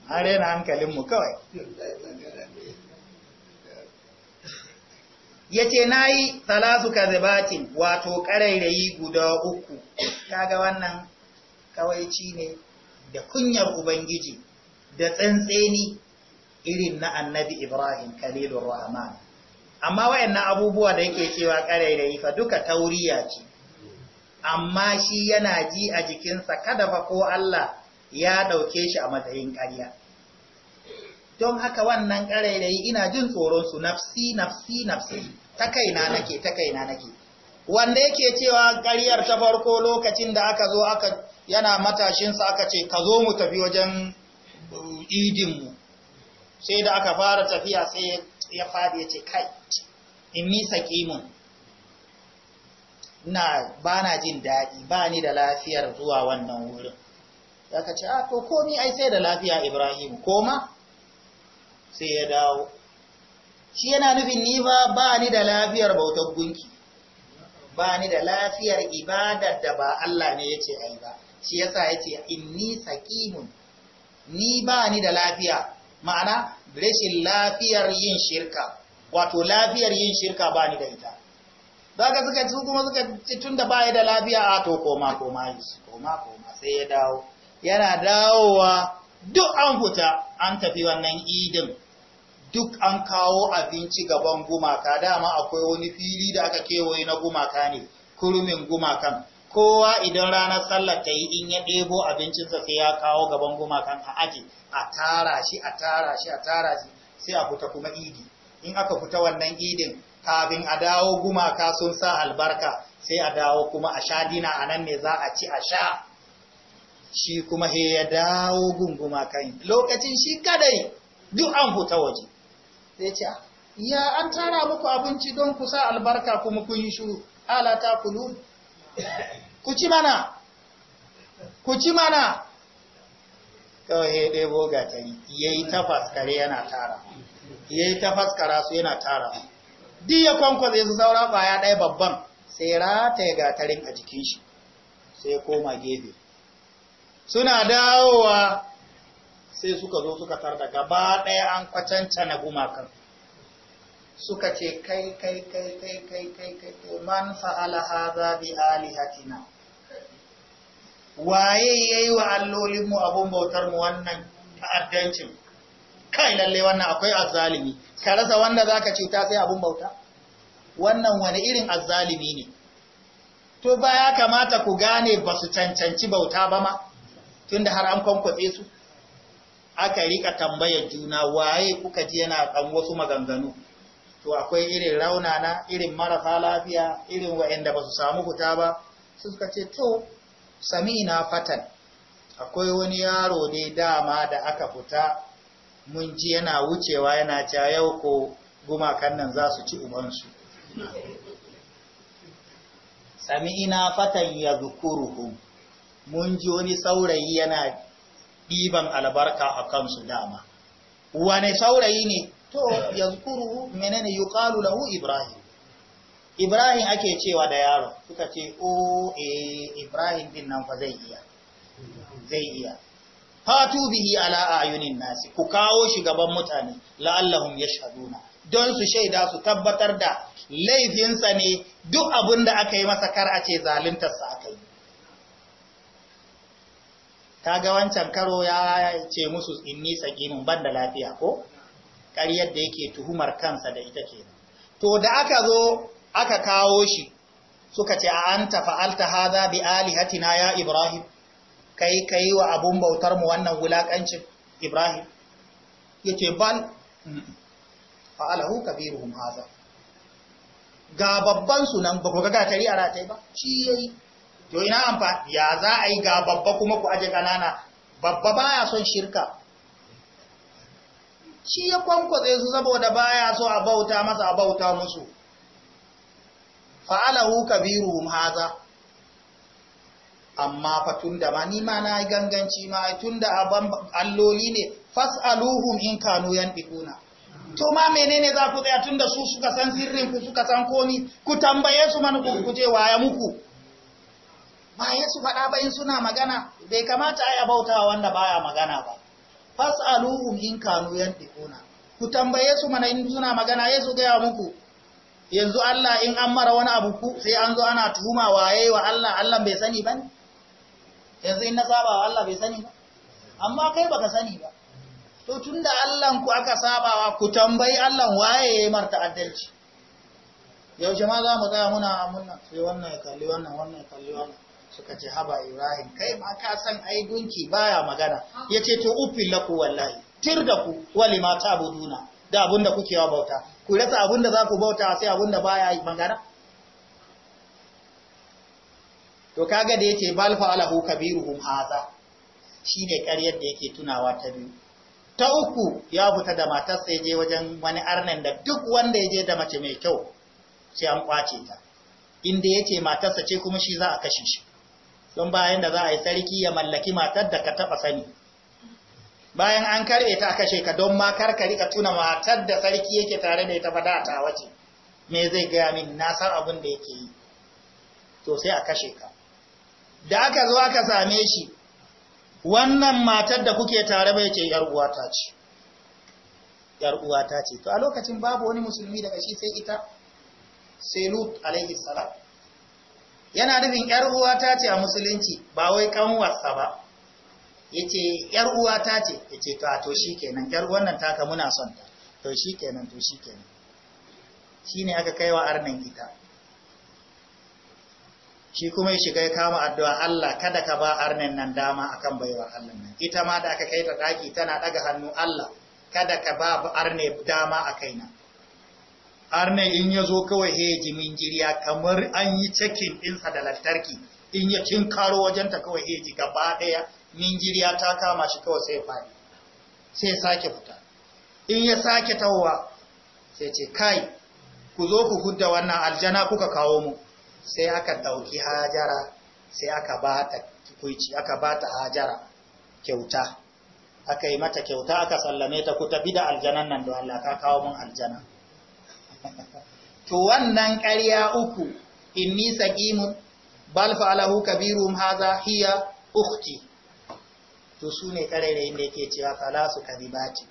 Speaker 1: an hankalin mu kawai eh? ya ce na yi talasu kazibatin wato ƙarairayi guda uku kaga wannan kawaici ne da kunyar ubangiji da tsantseni irin na annabi ibrahim khalilur rahman amma wayannan abubuwa da yake cewa ƙarairayi fa duka tauriya ce amma shi yana ji a jikinsa kada fa ko Allah ya ɗauke shi a matsayin ƙarya don haka wannan ƙarairayi ina jin tsoronsu nafsi nafsi nafsi ta kaina nake ta kaina nake wanda yake cewa ƙaryar ta farko lokacin da aka zo aka yana matashinsa aka ce ka zo mu tafi wajen uh, idinmu sai da aka fara tafiya sai ya fadi ya ce kai in misa saƙimun na ba na jin daɗi ba ni da lafiyar zuwa wannan wurin ya ka ce a ah, to komi ai sai da lafiya ibrahim koma sai ya dawo shi yana nufin ni ba ba ni da lafiyar bautar gunki ba ni da lafiyar ibadar da ba Allah ne ya ce ai ba shi yasa ya ce inni saƙimun ni ba ni da lafiya ma'ana rashin lafiyar yin shirka wato lafiyar yin shirka ba ni da ita zaka suka su kuma suka ci tunda ba da lafiya a to koma koma yi koma koma sai ya dawo yana dawowa duk an fita an tafi wannan idin duk an kawo abinci gaban gumaka dama akwai wani fili da aka kewaye na gumaka ne kurumin gumakan kowa idan ranar sallar ta yi in ya ɗebo abincinsa sai ya kawo gaban gumakan a aji a tara shi a tara shi a tara shi sai a fita kuma idi in aka fita wannan idin kafin a dawo gumaka sun sa albarka sai a dawo kuma a sha dina a nan ne za a ci a sha shi kuma he ya dawo gunguma kan lokacin shi kadai duk an fita waje sai ce ah, ya an tara muku abinci don ku sa albarka kuma kun yi shuru ala ta kulu ku ci mana ku ci mana kawai ya ɗebo gatari ya yi ta faskare yana tara ya yi ta faskara su yana tara duk ya su saura baya ɗaya babban sai rataye gatarin a jikin shi sai koma gefe suna dawowa sai suka zo suka da gaba ɗaya an kwatanta na gumakan suka ce kai kai kai kai kai kai kai to man fa'ala hadha bi alihatina waye yayi wa allolin mu abun bautar mu wannan ta'addancin kai lalle wannan akwai azzalimi ka rasa wanda zaka ce ta sai abun bauta wannan wani irin azzalimi ne to ba ya kamata ku gane ba su cancanci bauta ba ma tunda har an kwankwatse su aka rika tambayar juna waye kuka ji yana dan wasu maganganu to akwai irin raunana irin marasa lafiya irin wa'anda ba su samu fita ba suka ce to na fatan akwai wani yaro ne dama da aka fita mun ji yana wucewa yana cewa yau ko gumakan nan za su ci ubansu ina fatan ya zukuruhum mun ji wani saurayi yana ɗiban albarka a kansu dama wane saurayi ne to yazkuruhu menene yuqalu lahu ibrahim ibrahim ake cewa da yaro suka ce o oh, eh ibrahim din nan fa zai iya zai iya fatu bihi ala ayunin nasi ku kawo shi gaban mutane la'allahum yashhaduna don su shaida su tabbatar da laifinsa ne duk abin da aka yi masa kar a ce zaluntarsa aka yi. Ta ga wancan karo ya ce musu inni sakinin ban da lafiya ko? ƙaryar da yake tuhumar kansa da ita ke to da aka zo aka kawo shi suka ce a an alta haza bi alihatina ya ibrahim kai kai wa abun bautar mu wannan wulakancin ibrahim Ya ce bal fa'alahu kabiruhum haza ga babban sunan ba ku ga tari a ratai ba shi yayi to ina amfani ya za a yi ga babba kuma ku aje kanana babba baya son shirka shi ya kwankwatsa su saboda baya so a bauta masa a bauta musu fa'alahu kabiruhum haza amma fa tunda ma ni ma na ganganci ma tunda aban alloli ne fas'aluhum in kanu yantiquna to ma menene za ku tsaya tunda su suka san sirrin ku suka san komi ku tambaye su mana ku kuje waya muku ba yesu faɗa ba in suna magana bai kamata ai bautawa wanda baya magana ba fas'aluhum in kanu yantiquna ku tambaye su mana in suna magana yesu gaya muku yanzu Allah in an mara wani abu ku sai an zo ana tuhuma waye wa Allah Allah bai sani ba yanzu in na saba wa Allah bai sani ba amma kai baka sani ba to tunda Allah ku aka wa ku tambayi Allah waye yayi marta adalci yau jama'a za mu tsaya muna munna sai wannan ya kalli wannan wannan ya kalli wannan suka ce haba ibrahim kai ma ka san ai gunki baya magana yace to uffi laku wallahi tirda ku wali ma ta'buduna da abunda kuke wa bauta ku rasa abunda za ku bauta sai abunda baya magana to kaga da yace bal alahu kabiruhum haza shine ƙaryar da yake tunawa ta biyu ta uku ya fita da matarsa ya je wajen wani arnan da duk wanda ya je da mace mai kyau sai an kwace ta inda yace matarsa ce kuma shi za a kashe shi don bayan da za a yi sarki ya mallaki matar da ka taɓa sani bayan an karɓe ta kashe ka don ma kar ka rika tuna matar da sarki yake tare da ita da ta wace me zai gaya min na san abin da yake yi to sai a kashe ka da aka zo aka same shi wannan matar da kuke tare bai ce yar uwata ce yar uwata ce to a lokacin babu wani musulmi daga shi sai ita sai lut alaihi salam
Speaker 2: yana nufin ‘yar uwata ce a
Speaker 1: musulunci ba wai ƙanwarsa ba ya ce ‘yar uwata ce ya ce ta to shi kenan ‘yar wannan taka muna son ta to shi kenan to shi kenan shi ne aka kai wa arnin ita shi kuma ya shiga ya kama addu'a Allah kada ka ba arnin nan dama akan baiwa Allah nan ita ma da aka kai ta ɗaki tana ɗaga hannu Allah kada ka ba arne dama a kaina har arne in yazo zo kawai he jimin jiriya kamar an yi cekin ɗinsa da lantarki in ya cin karo wajenta kawai he ji gaba ɗaya ta kama shi kawai sai fadi sai sake fita in ya sake tawowa sai ce kai ku zo ku hudda wannan aljana kuka kawo mu sai aka ɗauki hajara sai aka ba ta kuici aka ba ta hajara kyauta aka yi mata kyauta aka sallame ta ku tafi da aljanan nan don Allah ka kawo mun aljana. to wannan ƙarya uku inni saqimun bal fa'alahu kabirum haza hiya ukhti to sune ƙarairayin da yake cewa salasu kadibati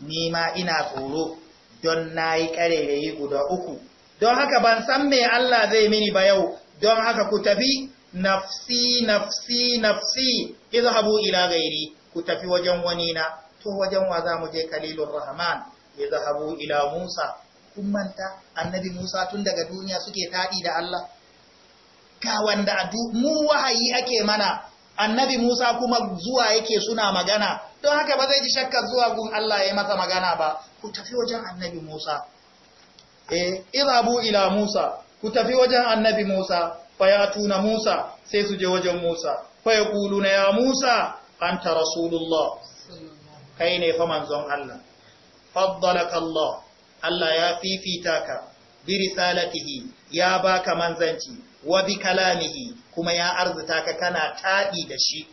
Speaker 1: ni ma ina tsoro don nayi ƙarairayi guda uku don haka ban san me Allah zai mini ba yau don haka ku tafi nafsi nafsi nafsi izhabu ila gairi ku tafi wajen wani na to wajen wa za mu je kalilur rahman ya zahabu ila Musa kun manta annabi Musa tun daga duniya suke taɗi da Allah Ka wanda mu wahayi ake mana annabi Musa kuma zuwa yake suna magana don haka ba zai ji shakkar zuwa gun Allah ya masa magana ba ku tafi wajen annabi Musa eh izabu ila Musa ku tafi wajen annabi Musa tuna Musa sai su je wajen Musa fayaquluna ya Musa anta rasulullah kai ne fa manzon Allah faddalaka Allah ya fifita ka bi risalatihi ya baka manzanci wa bi kalamihi kuma ya arzika ka kana taɗi da shi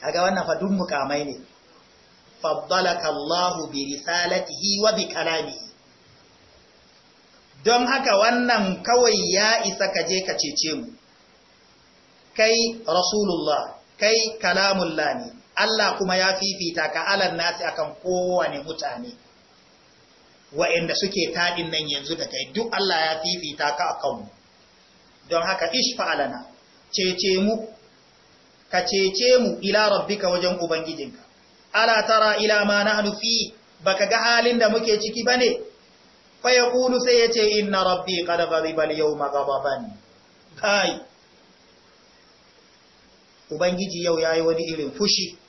Speaker 1: kaga wannan fa duk mukamai ne faddalaka bi risalatihi wa bi kalamihi don haka wannan kawai ya isa ka je ka cece mu kai rasulullah kai kalamullah ne Allah kuma ya fifita ka alan nasi akan kowane mutane wa'inda suke taɗin nan yanzu da kai duk Allah ya fifita ka akan mu don haka ishfa'alana cece mu ka cece mu ila rabbika wajen ubangijinka ala tara ila ma nahnu fi baka ga halin da muke ciki bane fa yaqulu sai yace inna rabbi qad ghadiba al-yawma ghadaban kai ubangiji yau yayi wani irin fushi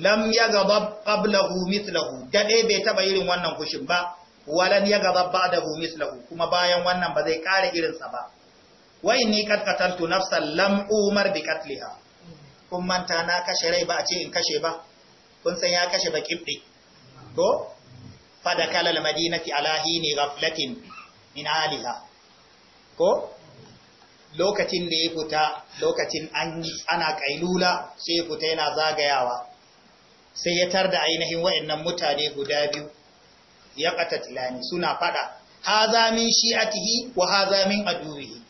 Speaker 1: lam ya gaba qablahu mithlahu daɗe bai taɓa irin wannan kushin ba walan ya gaba ba'dahu mithlahu kuma bayan wannan ba zai ƙara irin sa ba wai inni qad qataltu nafsan lam umar bi qatliha kun manta na kashe rai ba a ce in kashe ba kun san ya kashe ba kibdi to fada kala al madinati ala hini ghaflatin min aliha ko lokacin da ya fita lokacin an ana kailula sai ya fita yana zagayawa sai ya tar da ainihin wa'annan mutane guda biyu ya tilani suna fada shi a shi'atihi wa zamin a aduwihi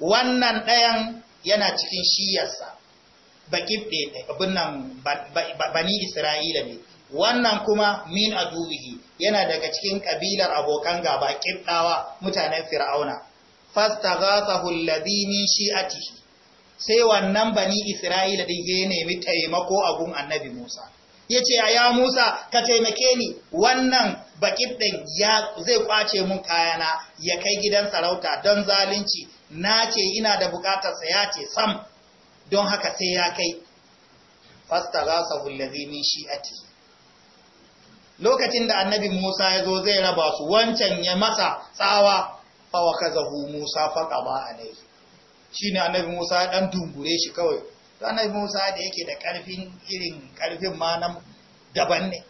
Speaker 1: wannan ɗayan yana cikin shiyarsa baƙib abin nan bani isra'ila ne wannan kuma min aduwihi yana daga cikin ƙabilar abokan gaba ƙibɗawa mutanen fir'auna ni shi a shi'atihi sai wannan bani Isra'ila din ya nemi taimako a gun Annabi Musa yace ya Musa ka taimake ni wannan bakin din ya zai kwace mun kayana ya kai gidan sarauta don zalunci nace ina da bukatar sa ce sam don haka sai ya kai ni alladhi min shi'atihi lokacin da Annabi Musa ya zo zai raba su wancan ya masa tsawa fawa kazahu musa faɗa ba a nai shi ne annabi musa ɗan dungure shi kawai to annabi musa da yake da ƙarfin irin ƙarfin ma na daban ne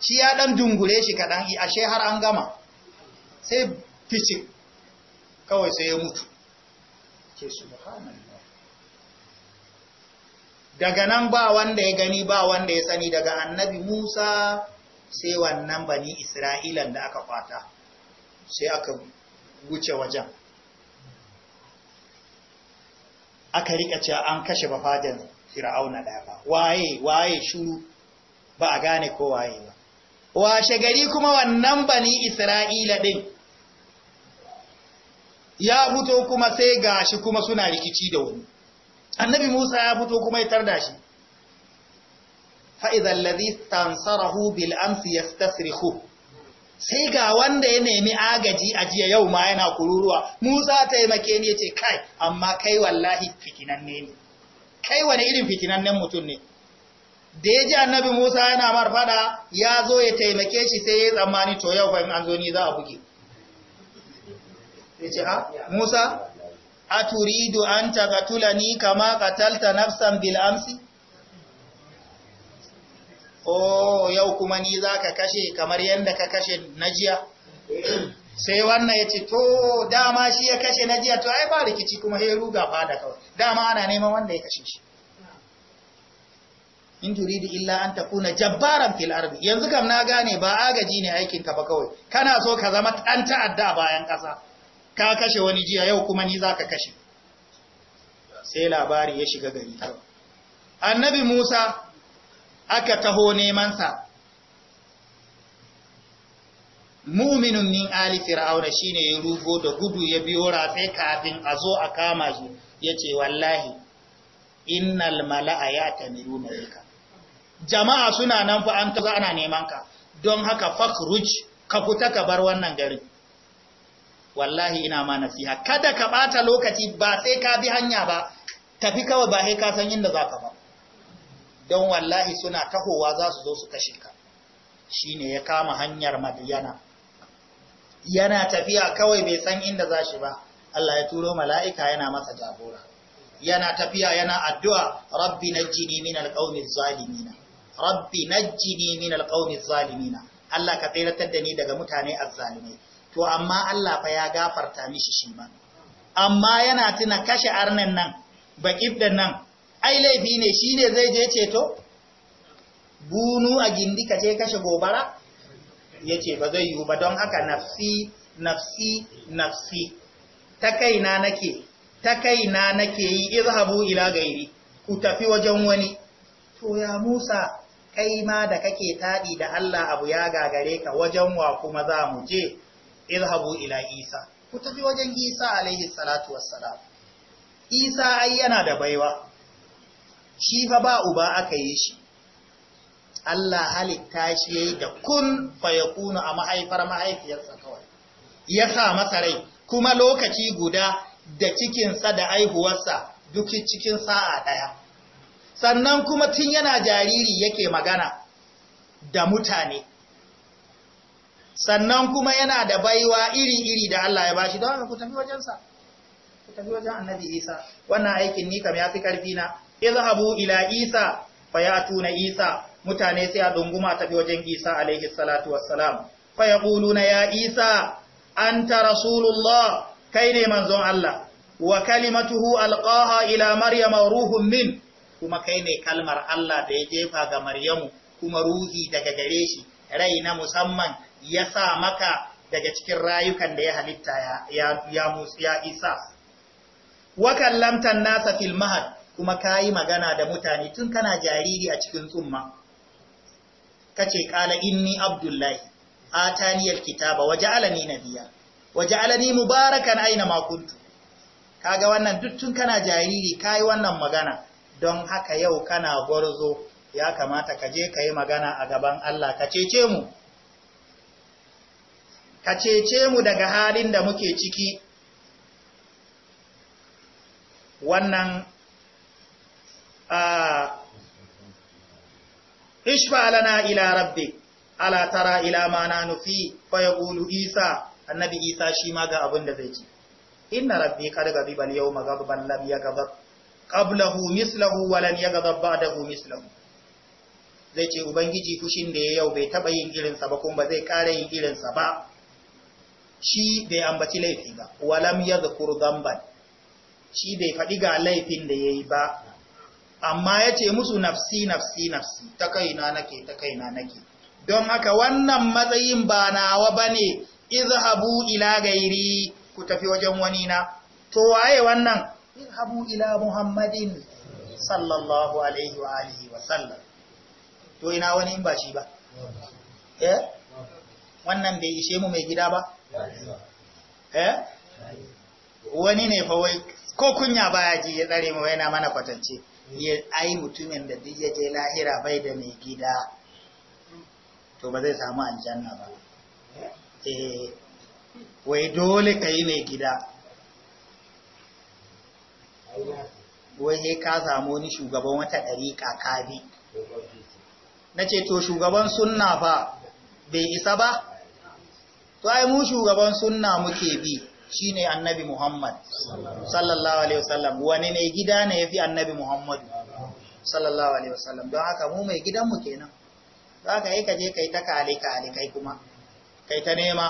Speaker 1: shi ya ɗan dungure shi kaɗan ashe har an gama sai fice kawai sai ya mutu ce daga nan ba wanda ya gani ba wanda ya sani daga annabi musa sai wannan bani isra'ilan da aka fata sai aka wuce wajen aka rika ce an kashe fadan fir'auna ɗaya ba waye waye shuru ba a gane ko waye ba washe gari kuma wannan bani isra'ila din? ya fito kuma sai gashi kuma suna rikici da wani annabi musa ya fito kuma ya tarda shi fa'izallazi tansarahu bil amsi ya sai ga wanda ya nemi agaji a jiya yau ma yana kururuwa musa taimake ni ce kai amma kai wallahi fitinanne ne kai wani irin fitinannen mutum ne da ya ji annabi musa yana marfada ya zo ya taimake shi sai ya tsammani to yau fa an zo ni za a buge yace a musa aturidu an tulani kama katalta nafsan bil amsi oh yau kuma ni za ka kashe kamar yadda ka kashe na jiya sai wannan ya ce to dama shi ya kashe na jiya to ai ba rikici kuma ya ruga fada kawai dama ana neman wanda ya kashe shi in turidu illa an takuna jabbaran fil ardi yanzu kam na gane ba agaji ne aikin ka ba kawai kana so ka zama dan ta'adda bayan kasa ka kashe wani jiya yau kuma ni zaka kashe sai labari ya shiga gari kawai annabi Musa aka taho nemansa muminin min ali fir'auna shine ya rugo da gudu ya biyo ratse kafin a zo a kama shi yace wallahi innal mala'a ya ya'tamiruna bika jama'a suna nan fa an taza ana neman ka don haka fakhruj ka fita ka bar wannan gari wallahi ina ma nasiha kada ka bata lokaci ba sai ka bi hanya ba tafi kawai ba sai ka san inda zaka ba don wallahi suna tahowa za su zo su kashe ka ne ya kama hanyar madiyana yana tafiya kawai bai san inda za shi ba Allah ya turo mala'ika yana masa jagora yana tafiya yana addu'a rabbi na jini min alƙaunin zalimina rabbi na jini min alƙaunin zalimina Allah ka tsiratar da ni daga mutane a zalimai to amma Allah fa ya gafarta mishi shi ma amma yana tuna kashe arnan nan da nan ai laifi ne shi ne zai je ceto bunu a gindi ka ce kashe gobara ya ce ba zai yiwu ba don haka nafsi nafsi nafsi ta kaina nake ta kaina nake yi izhabu ila gairi ku tafi wajen wani to ya Musa kai ma da kake taɗi da Allah abu ya gagare ka wajen wa kuma za mu je izhabu ila Isa ku tafi wajen Isa alaihi salatu wassalam Isa ai yana da baiwa shi fa ba uba aka yi shi Allah halitta shi yayi da kun fayakunu a mahaifar mahaifiyarsa kawai ya sa masa rai kuma lokaci guda da cikinsa da aihuwarsa duk cikin sa'a ɗaya sannan kuma tun yana jariri yake magana da mutane sannan kuma yana da baiwa iri-iri da Allah ya bashi don ku tafi wajensa ku tafi wajen annabi isa wannan aikin ni kam ya fi ƙarfi na izhabu ila isa fayatu na isa mutane sai a dunguma tafi wajen isa alaihi salatu wassalam fayaquluna ya isa anta rasulullah kai ne manzon Allah wa kalimatuhu alqaha ila maryama ruhun min kuma kai ne kalmar Allah da ya jefa ga maryamu kuma ruhi daga gare shi rai na musamman ya sa maka daga cikin rayukan da ya halitta ya ya, ya, ya isa wa kallamtan nasa fil mahad kuma ka yi magana da mutane tun kana jariri a cikin tsumma ka ce ƙala inni abdullahi a taniyar kitaba waje alani biya waje alani mubarakan aina makuntu kaga wannan duk tun kana jariri ka yi wannan magana don haka yau kana gwarzo ya kamata ka je ka yi magana a gaban Allah ka cece mu ka cece mu daga halin da muke ciki wannan ishfa lana ila rabbi ala tara ila ma na nufi fa ya isa annabi isa shi ma ga abin da zai ci inna rabbi kada gabi bal yau magabban lam ya qablahu mislahu walan ya gaba ba'dahu mislahu zai ce ubangiji fushin da ya yau bai taba yin irinsa ba kuma ba zai kare yin irinsa ba shi bai ambaci laifi ba walam yadhkur dhanban shi bai faɗi ga laifin da yayi ba amma ya ce musu nafsi nafsi nafsi ta kaina nake ta kaina nake don haka wannan matsayin ba nawa bane izhabu ila gairi ku tafi wajen wani na to waye wannan izhabu ila muhammadin sallallahu alaihi wa alihi wa sallam to ina wani in ba shi ba eh wannan bai ishe mu mai gida ba eh wani ne fa wai ko kunya baya ji ya tsare mu yana mana kwatance ya ai mutumin da duk ya je lahira bai da mai gida to ba zai samu aljanna ba eh wai dole ka yi mai gida wai sai ka samu wani shugaban wata ɗariƙa ka bi na ce to shugaban sunna fa bai isa ba to ai mu shugaban sunna muke bi shine annabi Muhammad sallallahu alaihi wasallam wani mai gida ne yafi annabi Muhammad sallallahu alaihi wasallam don haka mu mai gidanmu kenan za ka yi kaje kai ta kale kale kai kuma kai ta nema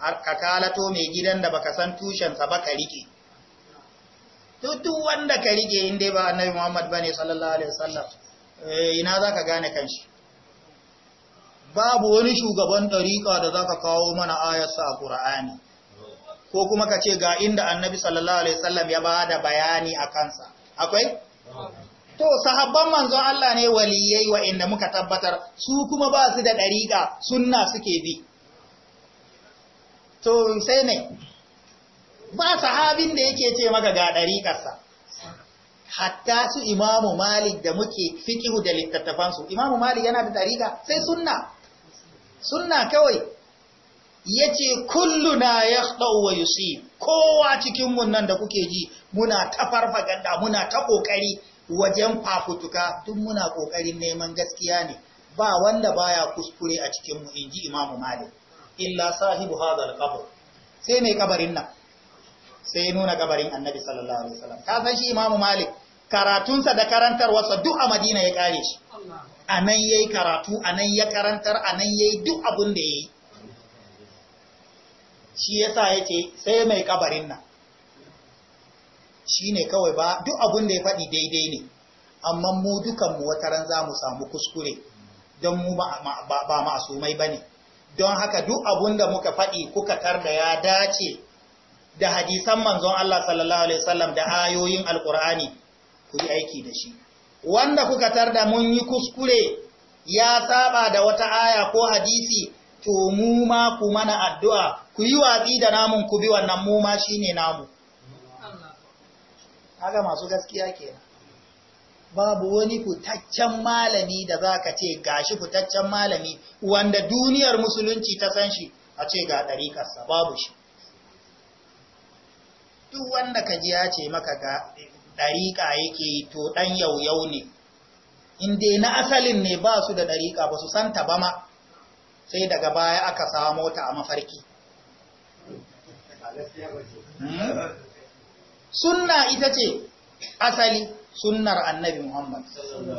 Speaker 1: har ka kalato mai gidan da baka san tushensa ba ka rike duk wanda ka rike inda ba annabi Muhammad bane sallallahu alaihi wasallam eh, ina za ka gane kanshi babu wani shugaban ɗariƙa da za ka kawo mana ayarsa a ƙura'ani ko kuma ka ce ga inda annabi sallallahu alaihi wasallam ya ba da bayani a kansa akwai? to sahabban manzon Allah ne waliyai wa inda muka tabbatar su kuma ba su da ɗariƙa suna suke bi to sai ne ba sahabin da yake ce maka ga ɗariƙarsa hatta su imamu malik da muke fikihu da littattafansu imamu malik yana da tariqa sai sunna sunna kawai ya yace kullu ya wa yusi kowa cikin nan da kuke ji muna ta farfaganda muna ta ƙoƙari wajen fafutuka duk muna ƙoƙarin neman gaskiya ne ba wanda baya kuskure a cikin mu ji imamu malik illa sahibu hadal qabr sai mai kabarin nan sai nuna kabarin annabi sallallahu alaihi wasallam ka san shi imamu malik karatunsa da karantar wasa duk a madina ya kare shi a nan ya yi karatu a nan ya karantar a nan ya yi duk abin da ya yi shi ya sa ya ce sai mai kabarin nan shi ne kawai ba duk abin da ya faɗi daidai ne amma mu dukanmu wata ran za mu samu kuskure don mu ba masumai ba ne don haka duk abin da muka faɗi kuka tar ya dace da hadisan manzon Allah sallallahu Alaihi wasallam da ayoyin alkur'ani ku yi aiki da shi wanda kuka tarda mun yi kuskure ya saba da wata aya ko hadisi to mu ma ku mana addu'a ku yi watsi da namun ku bi wannan mu ma shine namu haka masu gaskiya kenan babu wani fitaccen malami da zaka ce gashi fitaccen malami wanda duniyar musulunci ta san shi a ce ga ɗariƙarsa babu shi duk wanda ka ji ya ce maka ga ɗariƙa yake yi to ɗan yau ne in dai na asalin ne ba su da ɗariƙa ba su santa ba ma sai daga baya aka samo ta a mafarki hmm? sunna ita ce asali sunnar annabi muhammad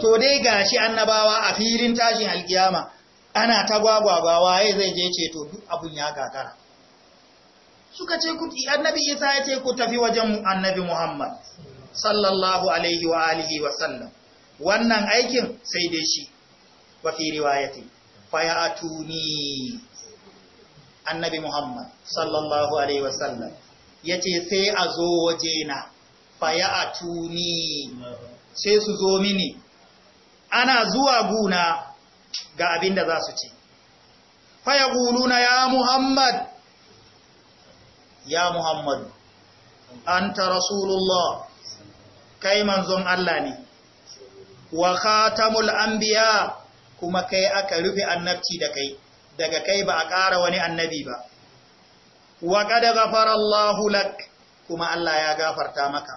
Speaker 1: to dai gashi annabawa a filin tashin alkiyama ana ta gwagwagwa ya zai je ceto duk abin ya gagara suka ce annabi isa ya ce ku tafi wajen annabi muhammad sallallahu alaihi wa alihi wa sallam wannan aikin sai dai shi wa fi riwayati fayatuni annabi muhammad sallallahu alaihi wa sallam yace sai a zo wajena. na fayatuni sai su zo mini ana zuwa guna ga abin da za su ce fayaquluna ya muhammad ya muhammad anta rasulullah kai manzon Allah ne wa khatamul anbiya kuma kai aka rufe annabci da kai daga kai ba a ƙara wani annabi ba wa qad ghafara lak kuma Allah ya gafarta maka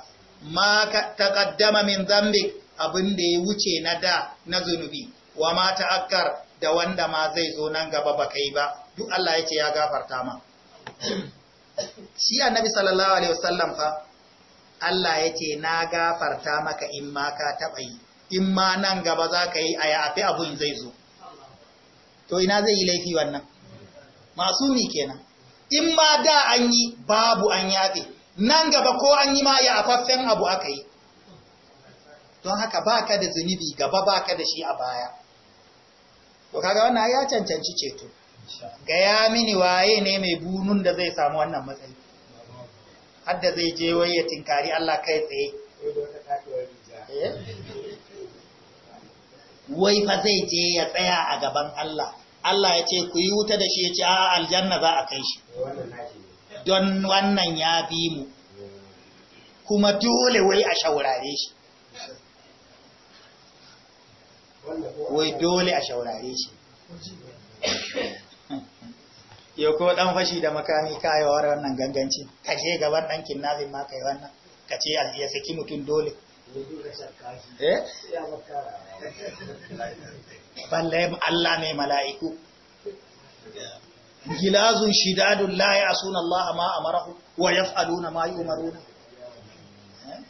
Speaker 1: ma taqaddama min Zambik abin da ya wuce na da na zunubi wa ma ta'akkar da wanda ma zai zo nan gaba ba kai ba duk Allah ya ce ya gafarta ma shi annabi sallallahu alaihi wasallam fa Allah ya ce na gafarta maka in ma ka taɓa yi in ma nan gaba za ka yi a yafi abun zai zo to ina zai yi laifi wannan masu masumi kenan in ma da an yi babu an yafe nan gaba ko an yi ma ya afaffen abu aka yi don haka ba ka da zunubi gaba ba ka da shi a baya to kaga wannan ya cancanci ceto ga ya mini waye ne mai bunun da zai samu wannan matsayi hadda zai je wai ya tinkari Allah kai tsaye eh? wai fa zai je ya tsaya a gaban Allah Allah ya ce ku yi wuta da shi ya ce a aljanna za a kai shi don wannan ya bi mu kuma dole wai a shaurare shi wai dole a shaurare shi yau ko dan fashi da makami ka yi wannan ganganci ka je gaban dan kinnafin ma ka yi wannan ka ce ya saki mutum dole eh? balle Allah ne mala'iku gilazun shidadun la ya asuna Allah ma amarahu wa yaf'aluna ma yumaruna eh?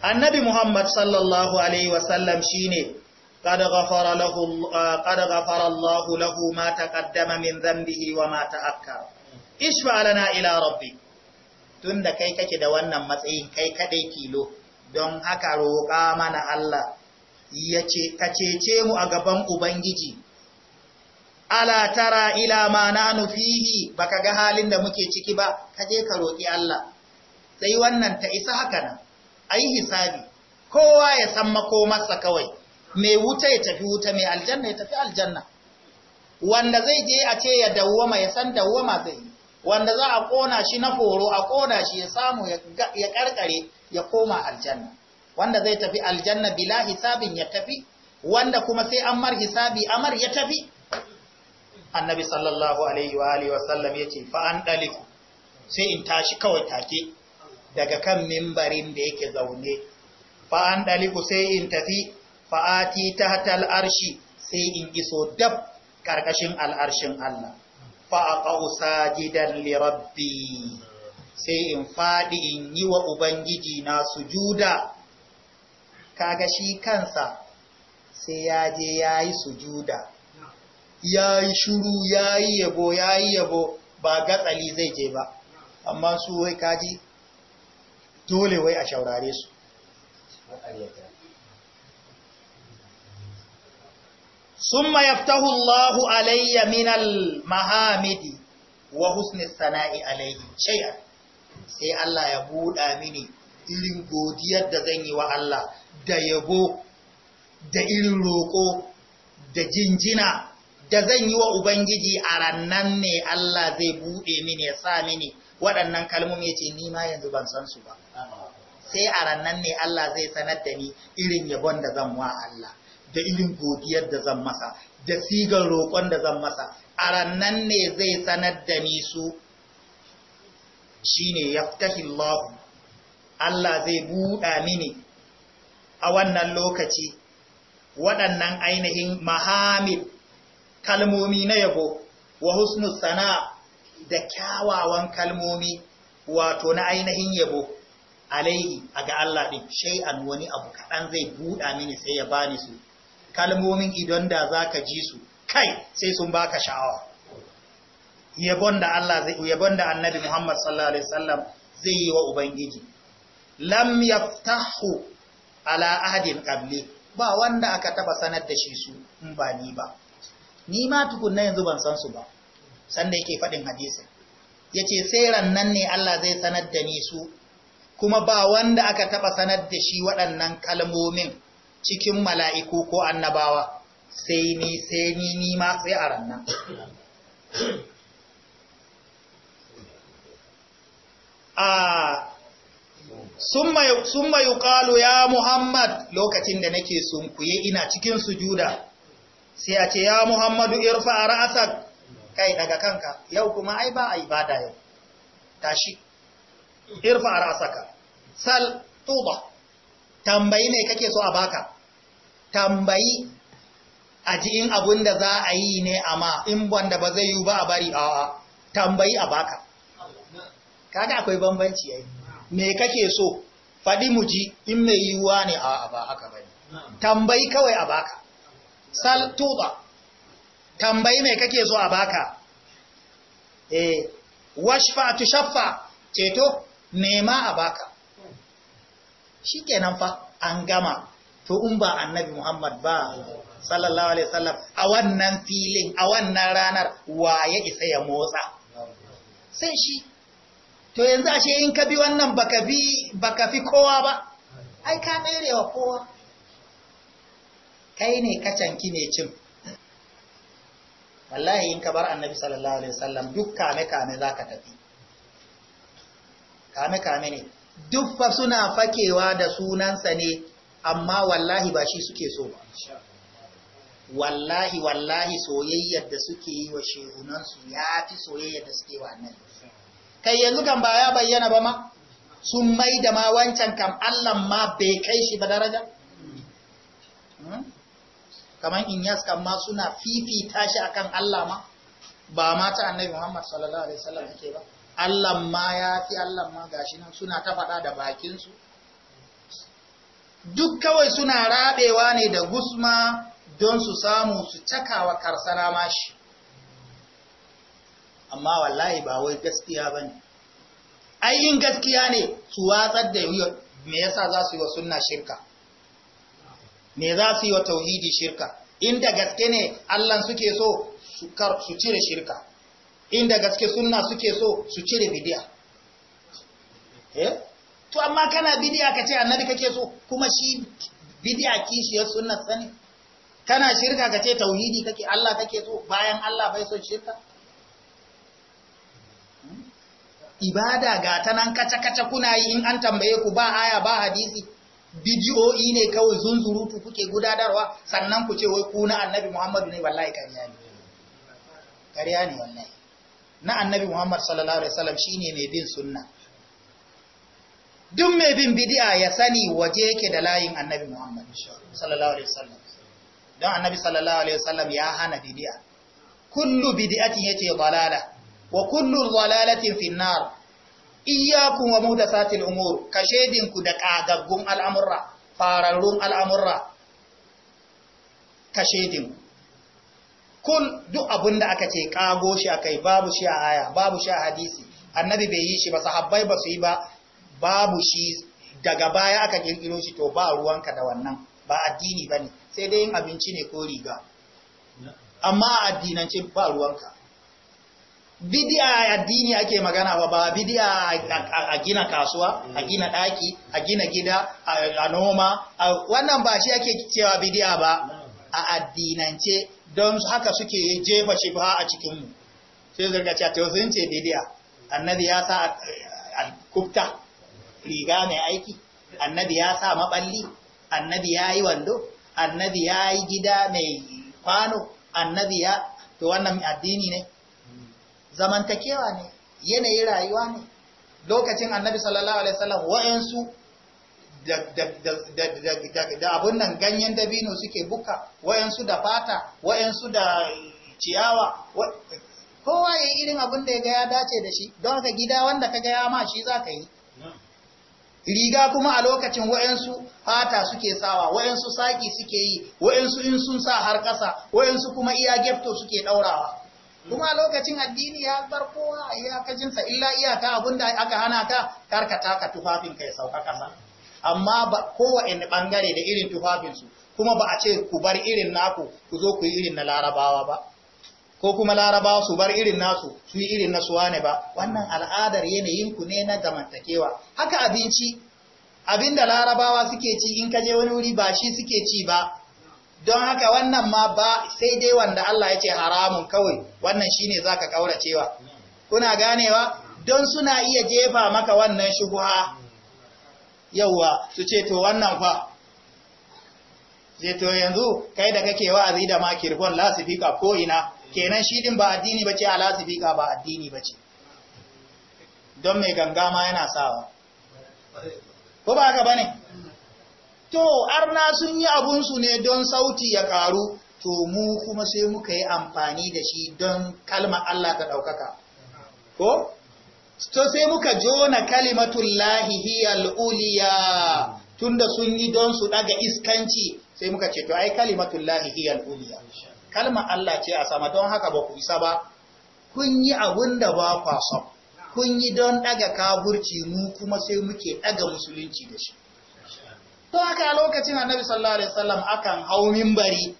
Speaker 1: annabi Muhammad sallallahu alaihi wasallam shine قد غفر له قد غفر الله له ما تقدم من ذنبه وما تأخر اشفع لنا tunda kai kake da wannan matsayin kai kadai kilo don haka roƙa mana Allah ya ce ka cece mu a gaban ubangiji ala tara ila ma nanu fihi baka ga halin da muke ciki ba ka je ka roƙi Allah sai wannan ta isa haka nan ai hisabi kowa ya san makomarsa kawai mai wuta ya tafi wuta mai aljanna ya tafi aljanna wanda zai je a ce ya dawwama ya san dawwama zai wanda za a kona shi na foro a kona shi ya samu ya karkare ya koma aljanna wanda zai tafi aljanna bila hisabin ya tafi wanda kuma sai an mar hisabi amar ya tafi annabi sallallahu alaihi wa alihi wasallam yace fa an daliku sai in tashi kawai take daga kan mimbarin da yake zaune fa an daliku sai in tafi fa'ati hatar arshi sai in iso dab karkashin al'arshin Allah fa’aƙa usa gidan lirabbi sai in faɗi in yi wa ubangiji na sujuda kaga shi kansa sai ya je ya yayi sujuda shuru shiru yi yabo ya yi yabo ba gatsali zai je ba amma su wai kaji dole wai a shaurare su summa يفتح الله alayya من المحامد mahamidi wa husni sana'i alayhi sai Allah ya buɗa mini irin godiyar da zan yi wa Allah da yabo da irin roƙo da jinjina da zan yi wa Ubangiji a rannan ne Allah zai buɗe mini ya sa mini waɗannan kalmomi ya ce ni ma yanzu ban san su ba sai a rannan ne Allah zai sanar da ni irin yabon da zan wa Allah da irin godiyar da zan masa da sigar roƙon da zan masa a rannan ne zai sanar da ni su shine yaftahillahu Allah zai buɗa mini a wannan lokaci waɗannan ainihin mahamid kalmomi na yabo wa sana'a, sana da kyawawan kalmomi wato na ainihin yabo alaihi a ga Allah ɗin shai'an wani abu kaɗan zai buɗa mini sai ya bani su kalmomin idan da za ka ji su kai sai sun baka sha'awa yabon da Allah zai yabon da annabi Muhammad sallallahu alaihi wasallam zai yi wa ubangiji lam yaftahu ala ahadin qabli ba wanda aka taba sanar da shi su in ba ni ba ni ma tukunna yanzu ban san su ba sanda yake fadin hadisi yace sai rannan ne Allah zai sanar da ni su kuma ba wanda aka taba sanar da shi waɗannan kalmomin cikin mala'iku ko annabawa sai ni sai ni ni ma sai a ranar. sun mayu ƙalo ya Muhammad lokacin da nake kuye ina cikin sujuda sai a ce ya Muhammadu irfa a ra'asar kai daga kanka yau kuma ai ba a ibada yau tashi irfa a ra'asaka sal tuba tambayi ne kake so a baka tambayi a in abin da za a yi ne amma in wanda ba zai yi ba a bari a tambayi a baka kaga akwai bambanci yayi me kake so faɗi mu ji in mai yiwuwa ne a ba haka bane tambayi kawai a baka sal tuba tambayi me kake so a baka eh washfa tushaffa ceto nema a baka shikenan fa an gama to in ba annabi Muhammad ba sallallahu alaihi wasallam a wannan filin a wannan ranar wa ya isa ya motsa sai shi to yanzu ashe in ka bi wannan baka bi baka fi kowa ba ai ka wa kowa kai ne ka canki ne cin wallahi in ka bar annabi sallallahu alaihi wasallam duk kame kame zaka tafi kame kame ne duk fa suna fakewa da sunansa ne amma wallahi ba shi suke so ba wallahi wallahi soyayyar da suke yi wa shehunansu ya fi soyayyar da suke wa nan kai yanzu kan ba ya bayyana ba ma sun mai da ma wancan kam allan ma bai kai shi ba daraja hmm? kamar in kan ma suna fifita shi akan allah ma ba ma ta annabi muhammad sallallahu alaihi wasallam ake ba Allah ma ya fi Allah ma gashi nan suna ta faɗa da bakinsu duk kawai suna rabewa ne da gusma don su samu su cakawa karsana mashi amma wallahi ba wai gaskiya ba ne ayin gaskiya ne su watsar da me yasa za su yi wa sunna shirka me za su yi wa tauhidi shirka inda gaske ne Allah suke so su cire shirka inda gaske sunna suke so su cire bidiya eh to amma kana bidiya ka ce annabi kake so kuma shi bidiya kishiyar sunnar sani kana shirka ka ce tauhidi kake Allah kake so bayan Allah bai so shirka hmm? ibada ga ta nan kaca-kaca kuna yi in an tambaye ku ba aya ba hadisi bidiyo'i ne kawai zunzurutu kuke gudanarwa sannan ku ce wai ku na annabi muhammadu ne wallahi kariya ne kariya ne wallahi na annabi muhammad sallallahu alaihi wasallam shine mai bin sunna duk mai bin bidi'a ya sani waje yake da layin annabi Muhammad sallallahu alaihi wasallam don annabi sallallahu alaihi wasallam ya hana bidi'a kullu bid'atin yace balala wa kullu dhalalatin fin nar iyyakum wa muhdathatil umur kashedin ku da kagaggun al'amurra fararrun al'amurra kashedin kul duk abunda aka ce kago shi akai babu shi a aya babu shi a hadisi annabi bai yi shi ba sahabbai ba su yi ba babu shi daga baya aka kirkiro shi to ba ruwanka da wannan ba addini ba sai dai yin abinci ne ko riga amma a addinance ba ruwanka bidiya addini ake magana ba ba bidiya a gina kasuwa a gina daki a gina gida a noma wannan ba shi ake cewa bidiya ba a addinance don haka suke jefa shi ba a cikinmu sai zirga cewa to sun ce bidiya annabi ya sa eh, al riga mai aiki annabi ya sa maɓalli, annabi ya yi wando annabi ya yi gida mai kwano annabi ya to wannan addini ne zamantakewa ne yanayi rayuwa ne lokacin annabi sallallahu alaihi wasallam wa'ansu da abun nan ganyen dabino suke buka wa'ansu da fata wa'ansu da ciyawa kowa ya yi irin abin da ya ga ya dace da shi don haka gida wanda ka gaya ma shi za ka yi riga kuma a lokacin wayansu fata suke sawa wayansu saki suke yi wayansu in sun sa har ƙasa wayansu kuma iya gefto suke ɗaurawa kuma a lokacin addini ya bar kowa iyakacinsa illa iyaka da aka hana ka karkata ka tufafinka ya sauka ƙasa amma ba kowane bangare da irin tufafinsu kuma ba a ce ku bar irin naku ku zo ku yi irin na larabawa ba ko kuma larabawa su bar irin nasu su yi irin nasu wane ba wannan al'adar yanayinku ne na zamantakewa haka abinci abinda larabawa suke ci in kaje wani wuri ba shi suke ci ba don haka wannan ma ba sai dai wanda Allah ya ce haramun kawai wannan shine zaka kauracewa kuna ganewa don suna iya jefa maka wannan shubuha yauwa su ce to wannan fa zai to yanzu kai da kake wa'azi da makirfon lasifika ko ina kenan shi din ba addini bace alasibika ba addini bace don mai ganga yana sawa ko ba haka ne? to arna sun yi abun su ne don sauti ya karu to mu kuma sai muka yi amfani da shi don kalmar Allah ta ɗaukaka ko to sai muka jona kalimatullahi hiyal uliya tunda sun yi don su ɗaga iskanci sai muka ce to ai kalimatullahi lahihi uliya Kalma Allah ce a sama don haka ba ku isa ba kun yi abun da ba kwa son kun yi don ɗaga kaburci mu kuma sai muke ɗaga musulunci da shi to haka a lokacin annabi sallallahu alaihi wasallam akan hau minbari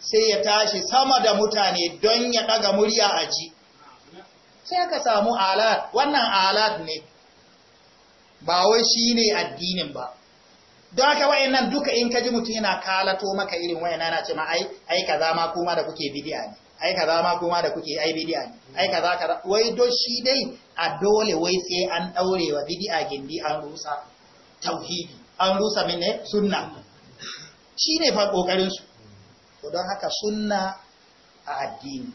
Speaker 1: sai ya tashi sama da mutane don ya ɗaga murya a ji sai aka samu alat wannan alat ne ba wai shine addinin ba don haka wayannan duka in kaji mutum yana kalato maka irin wayannan na ce ma ai ai kaza ma kuma da kuke bidiya ne ai kaza ma kuma da kuke ai bidiya ne ai kaza kaza wai do shi dai a dole wai sai an daure wa bidiya gindi an rusa tauhidi an rusa mene sunna Shi ne fa kokarin su don haka sunna a addini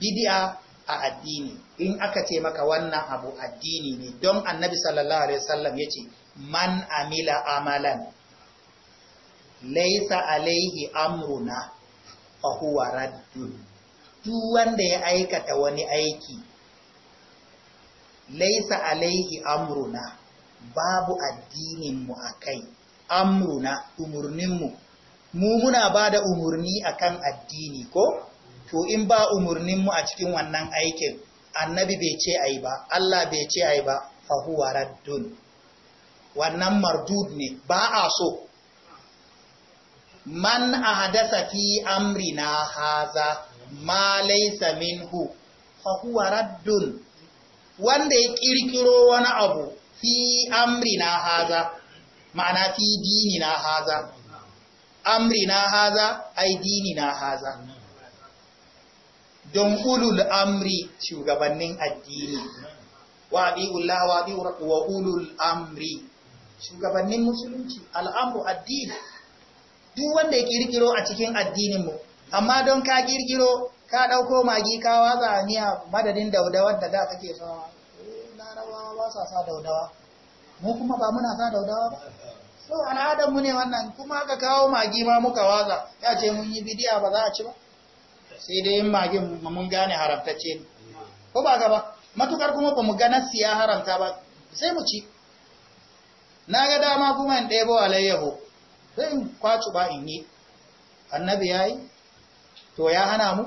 Speaker 1: Bidiya a addini in aka ce maka wannan abu addini ne don annabi sallallahu alaihi wasallam yace man amila amalan laisa alaihi amruna fa huwa raddun duk wanda ya aikata wani aiki laisa alaihi amruna babu addinin mu akai amruna umurnin mu mu muna bada umurni akan addini ko to in ba umurnin mu a cikin wannan aikin annabi bai ce ai ba Allah bai ce ai ba fa huwa raddun wannan mardud ne ba a so man ahdasa fi amrina haza ma laysa minhu fa huwa raddun wanda ya kirkiro wani abu fi amrina haza ma'ana fi dinina haza amrina haza ai dinina haza don ulul amri shugabannin addini wa abi'ullah wa wa ulul amri shugabannin musulunci al'amu, addini duk wanda ya kirkiro a cikin addininmu amma don ka kirkiro ka ɗauko magi ka watsa niya madadin daudawar da da kake sawa eh, larabawa ba sa sa daudawa mu kuma ba muna sa daudawa ba so al'adarmu ne wannan kuma ka kawo magi ma muka watsa ya ce mun yi bidiya ba za a ci ba sai dai yin magin mun gane haramtacce ne ko ba ka ba matukar kuma ba mu ga siya haramta ba sai mu ci na ga dama kuma in ɗebo alayyaho sai in kwacu ba in yi annabi ya yi to ya hana mu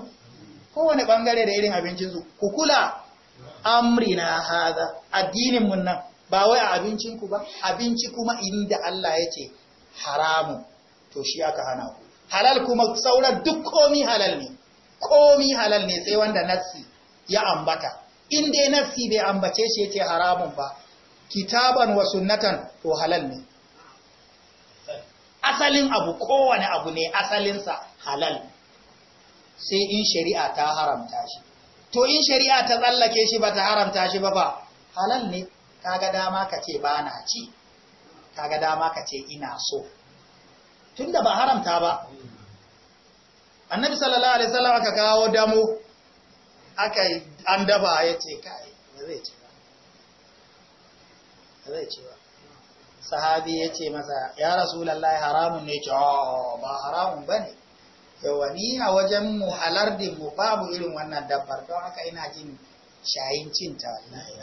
Speaker 1: kowane ɓangare da irin abincinsu ku kula amri na haza mun nan ba wai a abincinku ba abinci kuma inda Allah ya ce haramun to shi aka hana ku halal kuma sauran duk komi halal ne komi halal ne sai wanda nassi ya ambata in dai nassi bai ambace shi ya ce haramun ba kitaban wa sunnatan to halal ne asalin abu kowane abu ne asalinsa halal sai in shari'a ta haramta shi to in shari'a ta tsallake shi ba ta haramta shi ba ba halal ne kaga dama ka ce ba na ci kaga dama ka ce ina so tunda ba haramta ba annabi sallallahu alaihi wasallam aka kawo damo aka an daba ya ce kai zai ci zai ce ba sahabi ya ce masa ya rasu lallai haramun ne ce oh, ba haramun ba ne yawa ni a wajen mu alardin mu babu irin wannan dabbar don haka ina jin shayin cinta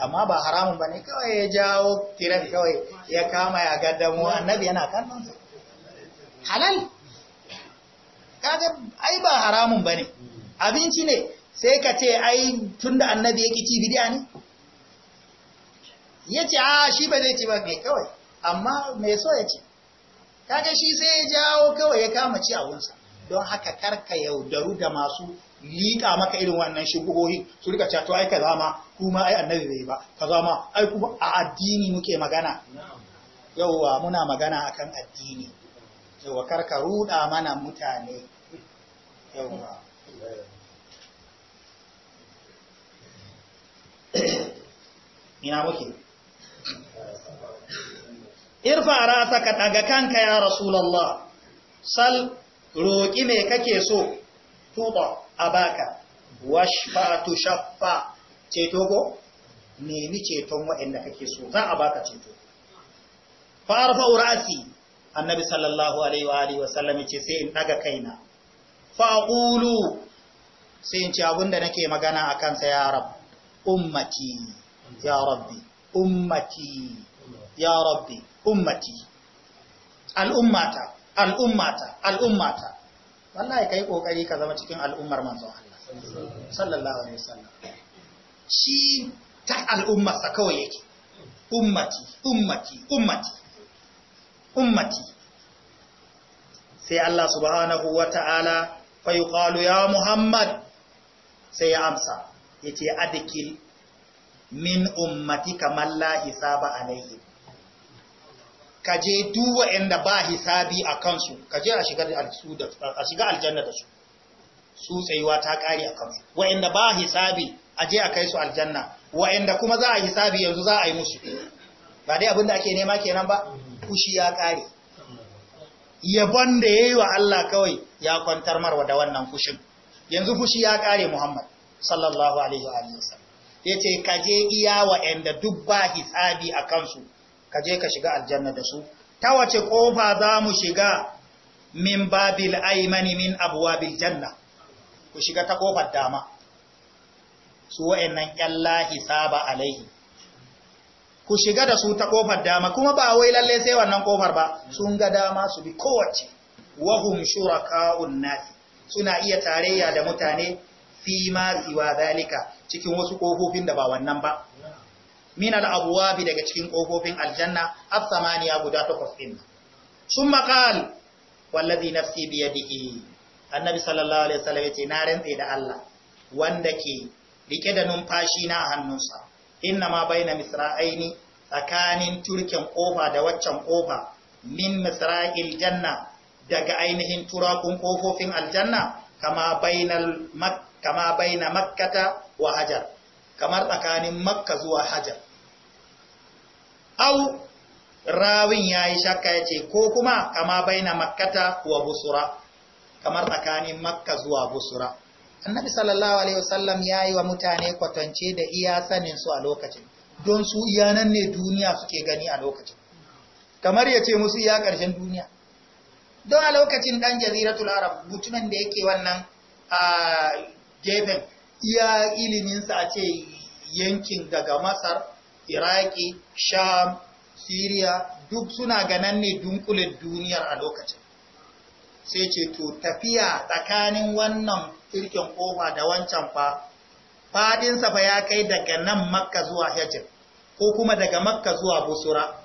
Speaker 1: amma ba haramun ba ne kawai ya jawo tiran kawai ya kama ya mu annabi yana su halal kaga ai ba haramun ba ne abinci ne sai ka ce ai tunda annabi ya ki ci bidiya ne ya ce a shi ba zai ci ba mai kawai amma mai so ya ce kaga shi sai ya jawo kawai ya kama ci abunsa don haka karka yaudaru da masu liƙa maka irin wannan shubuhohi su rika cewa to ai kaza ma kuma ai annabi bai ba kaza ma ai kuma a addini muke magana yauwa muna magana akan addini yauwa karka ruda mana mutane yauwa [COUGHS] ina muke irfa rasa ka daga kanka ya rasulallah, sal roƙi me kake so tuba a baka washfa tu shaffa ceto ko nemi ceton waɗanda kake so za a baka ceto farfa urasi annabi sallallahu alaihi wa alihi wasallam ce sai in daga kaina Fa'ulu sai in ci abinda nake magana akan sa ya rab ummati ya rabbi ummati ya rabbi ummati al'ummata al'ummata al'ummata wallahi kai kokari ka zama cikin al'ummar manzon Allah sallallahu alaihi wasallam shi ta al'ummar sa kawai yake ummati ummati ummati ummati sai Allah subhanahu wata'ala fa yuqalu ya muhammad sai ya amsa yace adkil min ummati kamar la hisaba alaihi ka je duwa inda ba hisabi a kansu ka je a shiga aljanna da su su tsayuwa ta kari a kansu inda ba hisabi a je a kai su aljanna inda kuma za a hisabi yanzu za a yi musu ba dai abinda ake nema kenan ba kushi ya kare. yabon da ya yi wa Allah kawai ya kwantar marwa da wannan fushin yanzu fushi ya kare Muhammad sallallahu alaihi wa sallam ya ce ka je iya wa'yanda duk ba hisabi a kansu ka je ka shiga aljanna da su ta wace ƙofa za mu shiga min babil aimani min abuwa janna ku shiga ta ƙofar dama su wa'yannan ƙyalla hisaba alaihi ku shiga da su ta ƙofar dama kuma ba wai lalle sai wannan ƙofar ba sun ga dama su bi kowace wahum shuraka'un nasi suna iya tarayya da mutane fi siwa zalika cikin wasu kofofin da ba wannan ba min al-abwabi daga cikin kofofin aljanna samaniya guda takwas din summa qal wallazi nafsi bi yadihi annabi sallallahu alaihi wasallam yace na rantse da Allah wanda ke rike da numfashi na a hannunsa inna ma baina misra'aini tsakanin turken kofa da waccan kofa min misra'il janna daga ainihin turakun kofofin aljanna kama bainal Makka. kama baina makkata wa hajar kamar tsakanin makka zuwa hajar au rawin ya yi shakka ya ce ko kuma kama baina makkata wa busura kamar tsakanin makka zuwa busura annabi sallallahu alaihi wasallam ya yi wa mutane kwatance da iya sanin su a lokacin don su iya nan ne duniya suke gani a lokacin kamar ya ce musu iya ƙarshen duniya don a lokacin ɗan jaziratul arab mutumin da yake wannan gefen iya iliminsa a ce yankin daga masar iraki sham siriya duk suna ganan ne dunkule duniyar a lokacin sai ce to tafiya tsakanin wannan irkin kofa da wancan fa fadinsa fa ya kai daga nan makka zuwa hijir ko kuma daga makka zuwa busura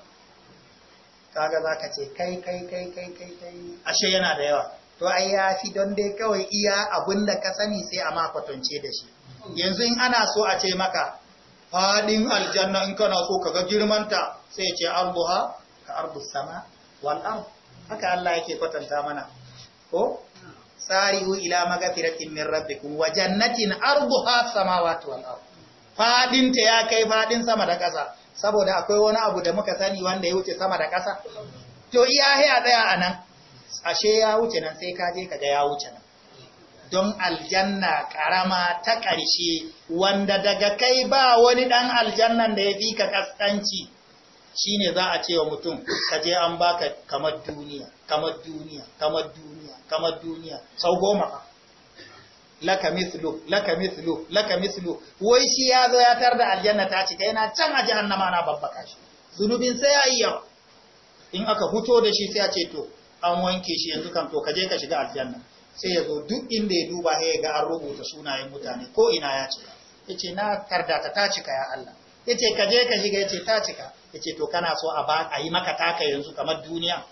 Speaker 1: kaga za ka ce kai kai kai kai kai ashe yana da yawa to ai ya fi don dai kawai iya abin da ka sani sai a makwatance da shi yanzu in ana so a ce maka faɗin aljanna in kana so ka girmanta sai ce arduha ka ardu sama wal haka Allah yake kwatanta mana ko sari'u ila magfiratin min rabbikum wa jannatin arduha samawati wal ard fadin ta ya kai faɗin sama da ƙasa saboda akwai wani abu da muka sani wanda ya wuce sama da ƙasa to iya a tsaya anan ashe ya wuce nan sai ka je ka ga ya wuce nan don aljanna karama ta ƙarshe wanda daga kai ba wani ɗan aljannan da ya fi ka kaskanci shine za a ce wa mutum ka je an baka kamar duniya kamar duniya kamar duniya kamar duniya sau goma laka mislu laka mislu laka mislu wai shi ya zo ya tar da aljanna ta cika yana can a jihannama na babbaka shi zunubin sai ya yi in aka fito da shi sai a ce to an wanke shi yanzu kan to kaje ka shiga aljanna sai yazo duk inda ya duba ya ga an rubuta sunayen mutane ko ina ya cika ya ce na karda ta cika ya Allah ya ce ka shiga ya ta cika ya to kana so a ba yi maka taka yanzu kamar duniya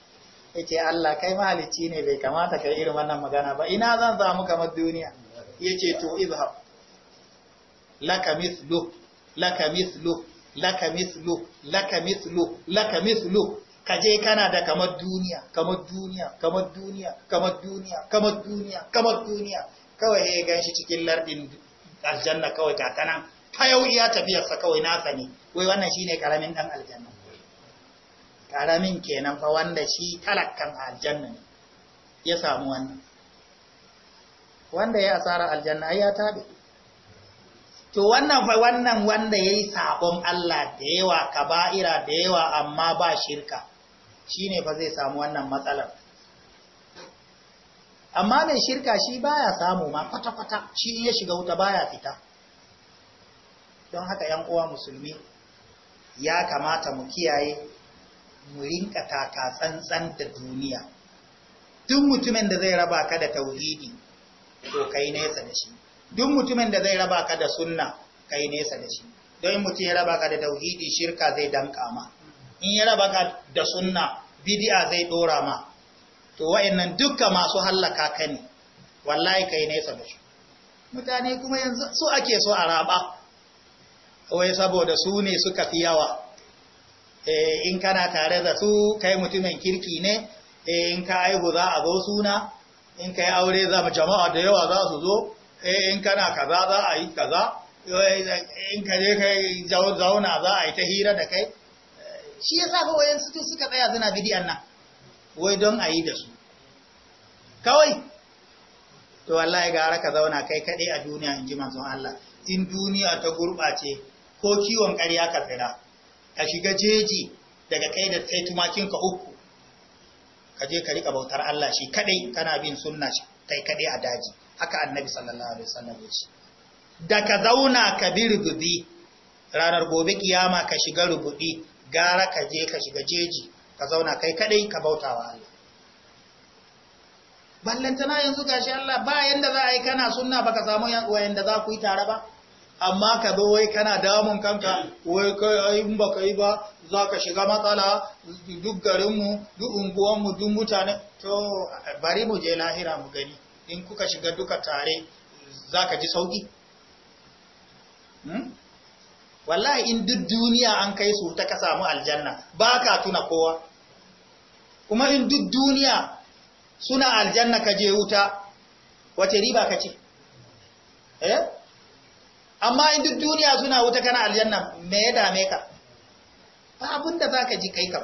Speaker 1: ya Allah kai mahalicci ne bai kamata ka yi irin wannan magana ba ina zan samu kamar duniya ya ce to izhab laka mithlu laka mithlu laka mithlu laka mithlu laka mithlu ka je kana da kamar duniya kamar duniya kamar duniya kamar duniya kamar duniya kamar duniya kawai ya gan shi cikin lardin aljanna kawai ta tana ta yau iya tafiyarsa kawai nasa ne wai wannan shine karamin dan aljanna karamin kenan fa wanda shi talakkan aljanna ne ya samu wannan wanda ya asara aljanna ai ya tabe to wannan fa wannan wanda yayi sabon Allah da yawa kaba'ira da yawa amma ba shirka Shi ne fa zai samu wannan matsalar amma mai shirka shi baya samu ma kwata-kwata shi ya shiga wuta baya fita don haka yan uwa musulmi ya kamata mu kiyaye mu rinka taka tsantsan da duniya duk mutumin da zai raba ka da tauhidi to kai nesa da shi duk mutumin da zai raba ka da sunna kai nesa da shi don mutum ya raba ka da tauhidi shirka zai danka ma in ya raba da sunna bid'a zai dora ma to wa'annan dukka masu hallaka ka ne wallahi kai nesa da su mutane kuma yanzu su ake so a raba wai saboda su ne suka fi yawa eh, in kana tare da su kai mutumin kirki ne eh, in ka aihu za a zo suna in ka yi aure za mu jama'a da yawa za su zo eh, in kana kaza za a yi kaza in ka je ka zauna za a yi ta hira da kai shi ya sa wayan su suka tsaya suna bidiyan nan wai don a yi da su kawai to wallahi gara ka zauna kai kaɗai a duniya in ji manzon Allah in duniya ta gurɓace ko kiwon ƙarya ka tsira ka shiga jeji daga kai da sai tumakin ka uku ka je ka riƙa bautar Allah shi kaɗai kana bin sunna shi kai kaɗai a daji haka annabi sallallahu alaihi wasallam ya ce da ka zauna ka bi rububi ranar gobe kiyama ka shiga rububi gara ka je ka shiga jeji ka zauna kai kadai ka bauta wa Allah ballantana yanzu gashi Allah ba yanda za a yi kana sunna baka samu da za ku yi tare ba amma ka zo wai kana damun kanka wai kai in baka yi ba za ka shiga matsala duk garinmu duk unguwanmu duk mutane to bari mu je lahira mu gani in kuka shiga duka tare za ka ji sauki hmm? wallahi in duk duniya an kai su ta ka samu aljanna ba ka tuna kowa kuma in duk duniya suna aljanna ka je wuta wace riba ka ce eh amma in duk duniya suna wuta kana aljanna me ya dame ka ba abinda da za ka ji kai kam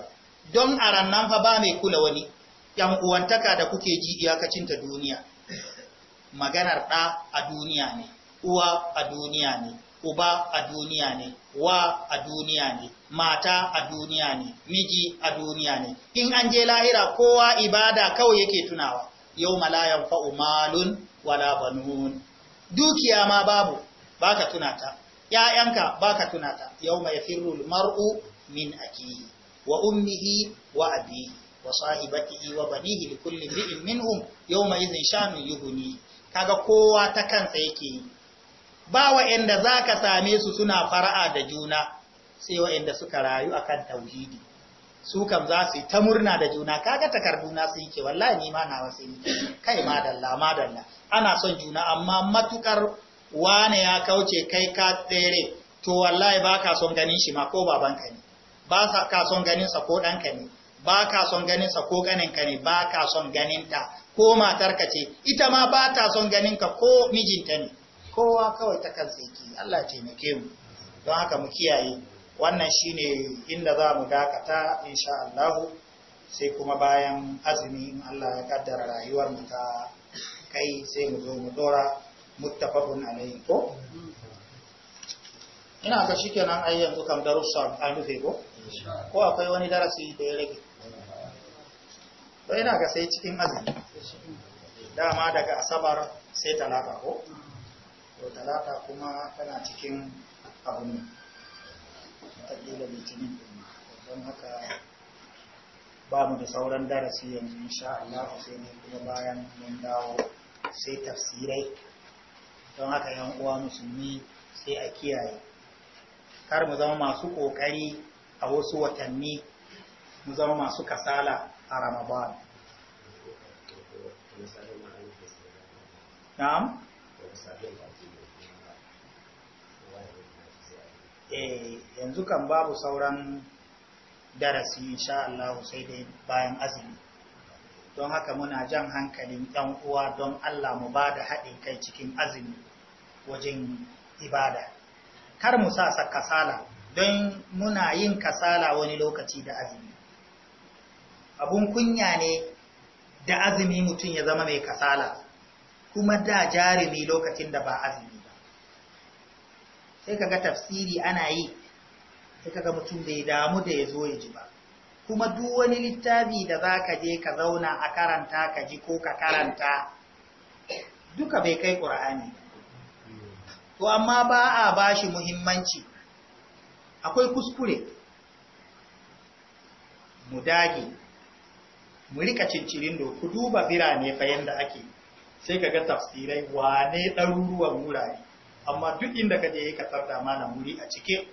Speaker 1: don a rannan fa ba mai kula wani yan uwantaka da kuke ji iyakacinta duniya maganar ɗa a duniya ne uwa a duniya ne uba a duniya ne wa a duniya ne mata a duniya ne miji a duniya ne in an je lahira kowa ibada kawai yake tunawa yau malayan fa'u malun wala banun dukiya ma babu baka tunata ‘ya'yanka baka tunata yau mai firul mar'u min yi. wa ummihi wa abihi wa sahibatihi wa banihi li kulli bi'in minhum yawma idhin yi yughni kaga kowa ta kansa yake yi ba wayanda za ka same su suna fara'a da juna sai wayanda suka rayu a kan tauhidi su kam za su yi ta murna da juna kaga takarduna su yi ke wallahi ni ma wasu yi kai madalla madalla ana son juna amma matukar wane ya kauce kai ka tsere to wallahi ba ka son ganin shi ma ko babanka ne ba ka son ganin sa ko ɗanka ne ba ka son ganin sa ko ƙaninka ne ba ka son ganin ta ko matarka ce ita ma ba ta son ganin ka ko mijinta ne kowa kawai ta kan tsiki Allah taimake mu don haka mu kiyaye wannan shine inda za mu dakata insha Allah sai kuma bayan azumi Allah ya kaddara rayuwar mu ta kai sai mu zo mu dora muttafaqun alayhi ko ina ga shikenan ai yanzu kam darussa an rufe ko ko akwai wani darasi da ya rage to ina ga sai cikin azumi dama daga asabar sai talaka ko to talata kuma tana cikin abu ne watakila litinin ɗin don haka ba mu da sauran darasi yanzu insha Allah sai ne kuma bayan mun dawo sai tafsirai don haka yan uwa musulmi sai a kiyaye kar mu zama masu ƙoƙari a wasu watanni mu zama masu kasala a ramadan na'am eh yanzu kan babu sauran darasi insha Allah sai dai bayan azumi don haka muna jan hankalin ɗan uwa don Allah mu ba da haɗin kai cikin azumi wajen ibada kar mu sa kasala don muna yin kasala wani lokaci da azumi abun kunya ne da azumi mutum ya zama mai kasala kuma da jarumi lokacin da ba azumi sai kaga tafsiri ana yi sai kaga mutum bai damu da ya zo ya ji ba kuma duk wani littafi da za ka je ka zauna a karanta ka ji ko ka karanta duka bai kai ƙura'ani to amma ba a ba shi muhimmanci akwai kuskure mu dage mu rika cincirin da ku duba birane fa yanda ake sai kaga tafsirai wane ɗaruruwan wurare amma duk inda ka je ka tsarda mana wuri a cike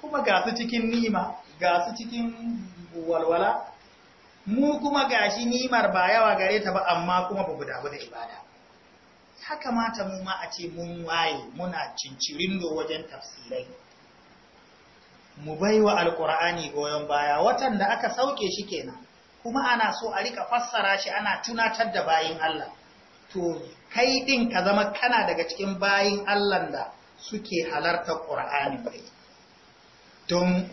Speaker 1: kuma ga su cikin nima ga su cikin walwala mu kuma gashi nimar ba yawa gare ta ba amma kuma ba guda da ibada ya kamata mu ma a ce mun waye muna cincirin do wajen tafsirai mu baiwa alkur'ani goyon baya watan da aka sauke shi kenan kuma ana so a rika fassara shi ana tunatar da bayin Allah to kai din ka zama kana daga cikin bayin Allah da suke halarta Qur'ani kai don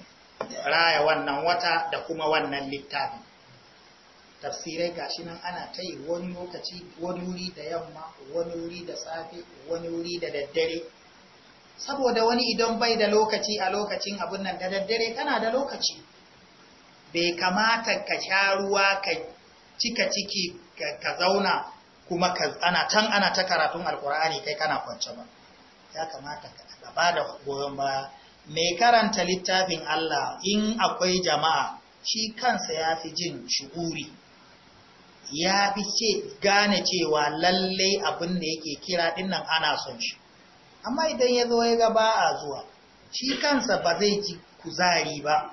Speaker 1: raya wannan wata da kuma wannan littafi tafsirai gashi nan ana ta yi wani lokaci wani wuri da yamma wani wuri da safe wani wuri da daddare saboda wani idan bai da lokaci a lokacin abin nan da daddare kana da lokaci bai kamata ka sha ruwa ka cika ciki ka zauna kuma ana can ana ta karatun alkur'ani kai kana kwance ba ya kamata ka ba da goyon baya mai karanta littafin Allah in akwai jama'a shi kansa ya fi jin shuguri ya fi ce gane cewa lallai abin da yake kira dinnan ana son shi amma idan ya zo ya ga ba a zuwa shi kansa ba zai ji kuzari ba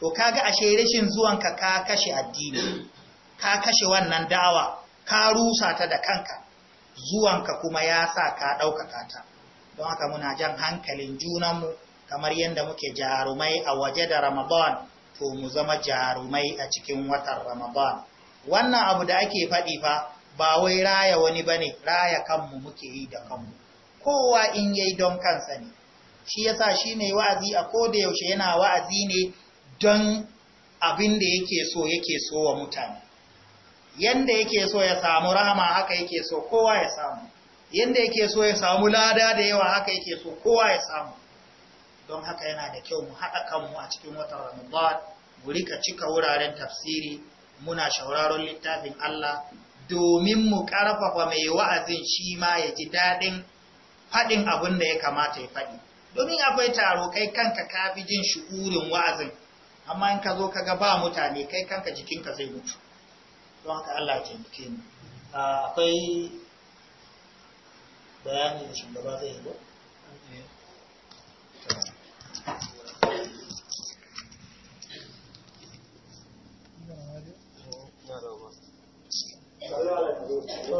Speaker 1: to kaga ashe rashin zuwanka ka kashe addini ka kashe wannan da'awa ka rusa ta da kanka zuwanka kuma ya sa ka ɗaukaka ta don haka muna jan hankalin junanmu kamar yadda muke jarumai a waje da ramadan to mu zama jarumai a cikin watan ramadan wannan abu da ake faɗi fa ba wai raya wani ba ne, raya kanmu muke yi da kanmu kowa in yayi don kansa ne shi yasa shi ne wa'azi a ko da yaushe yana wa'azi ne don abin da yake so yake so wa mutane yanda yake so ya samu rahama haka yake so kowa ya samu yanda yake so ya samu lada da yawa haka yake so kowa ya samu don haka yana da kyau mu haɗa kanmu a cikin watan Ramadan mu rika cika wuraren tafsiri muna shauraron littafin Allah domin mu karfafa mai wa'azin shi ma ya ji daɗin faɗin abin da ya kamata ya faɗi domin akwai taro kai kanka ka fi jin shu'urin wa'azin amma in ka zo ka ga ba mutane kai kanka jikinka zai mutu don haka Allah ke muke mu ah, akwai bayani da shugaba zai yi ba Thank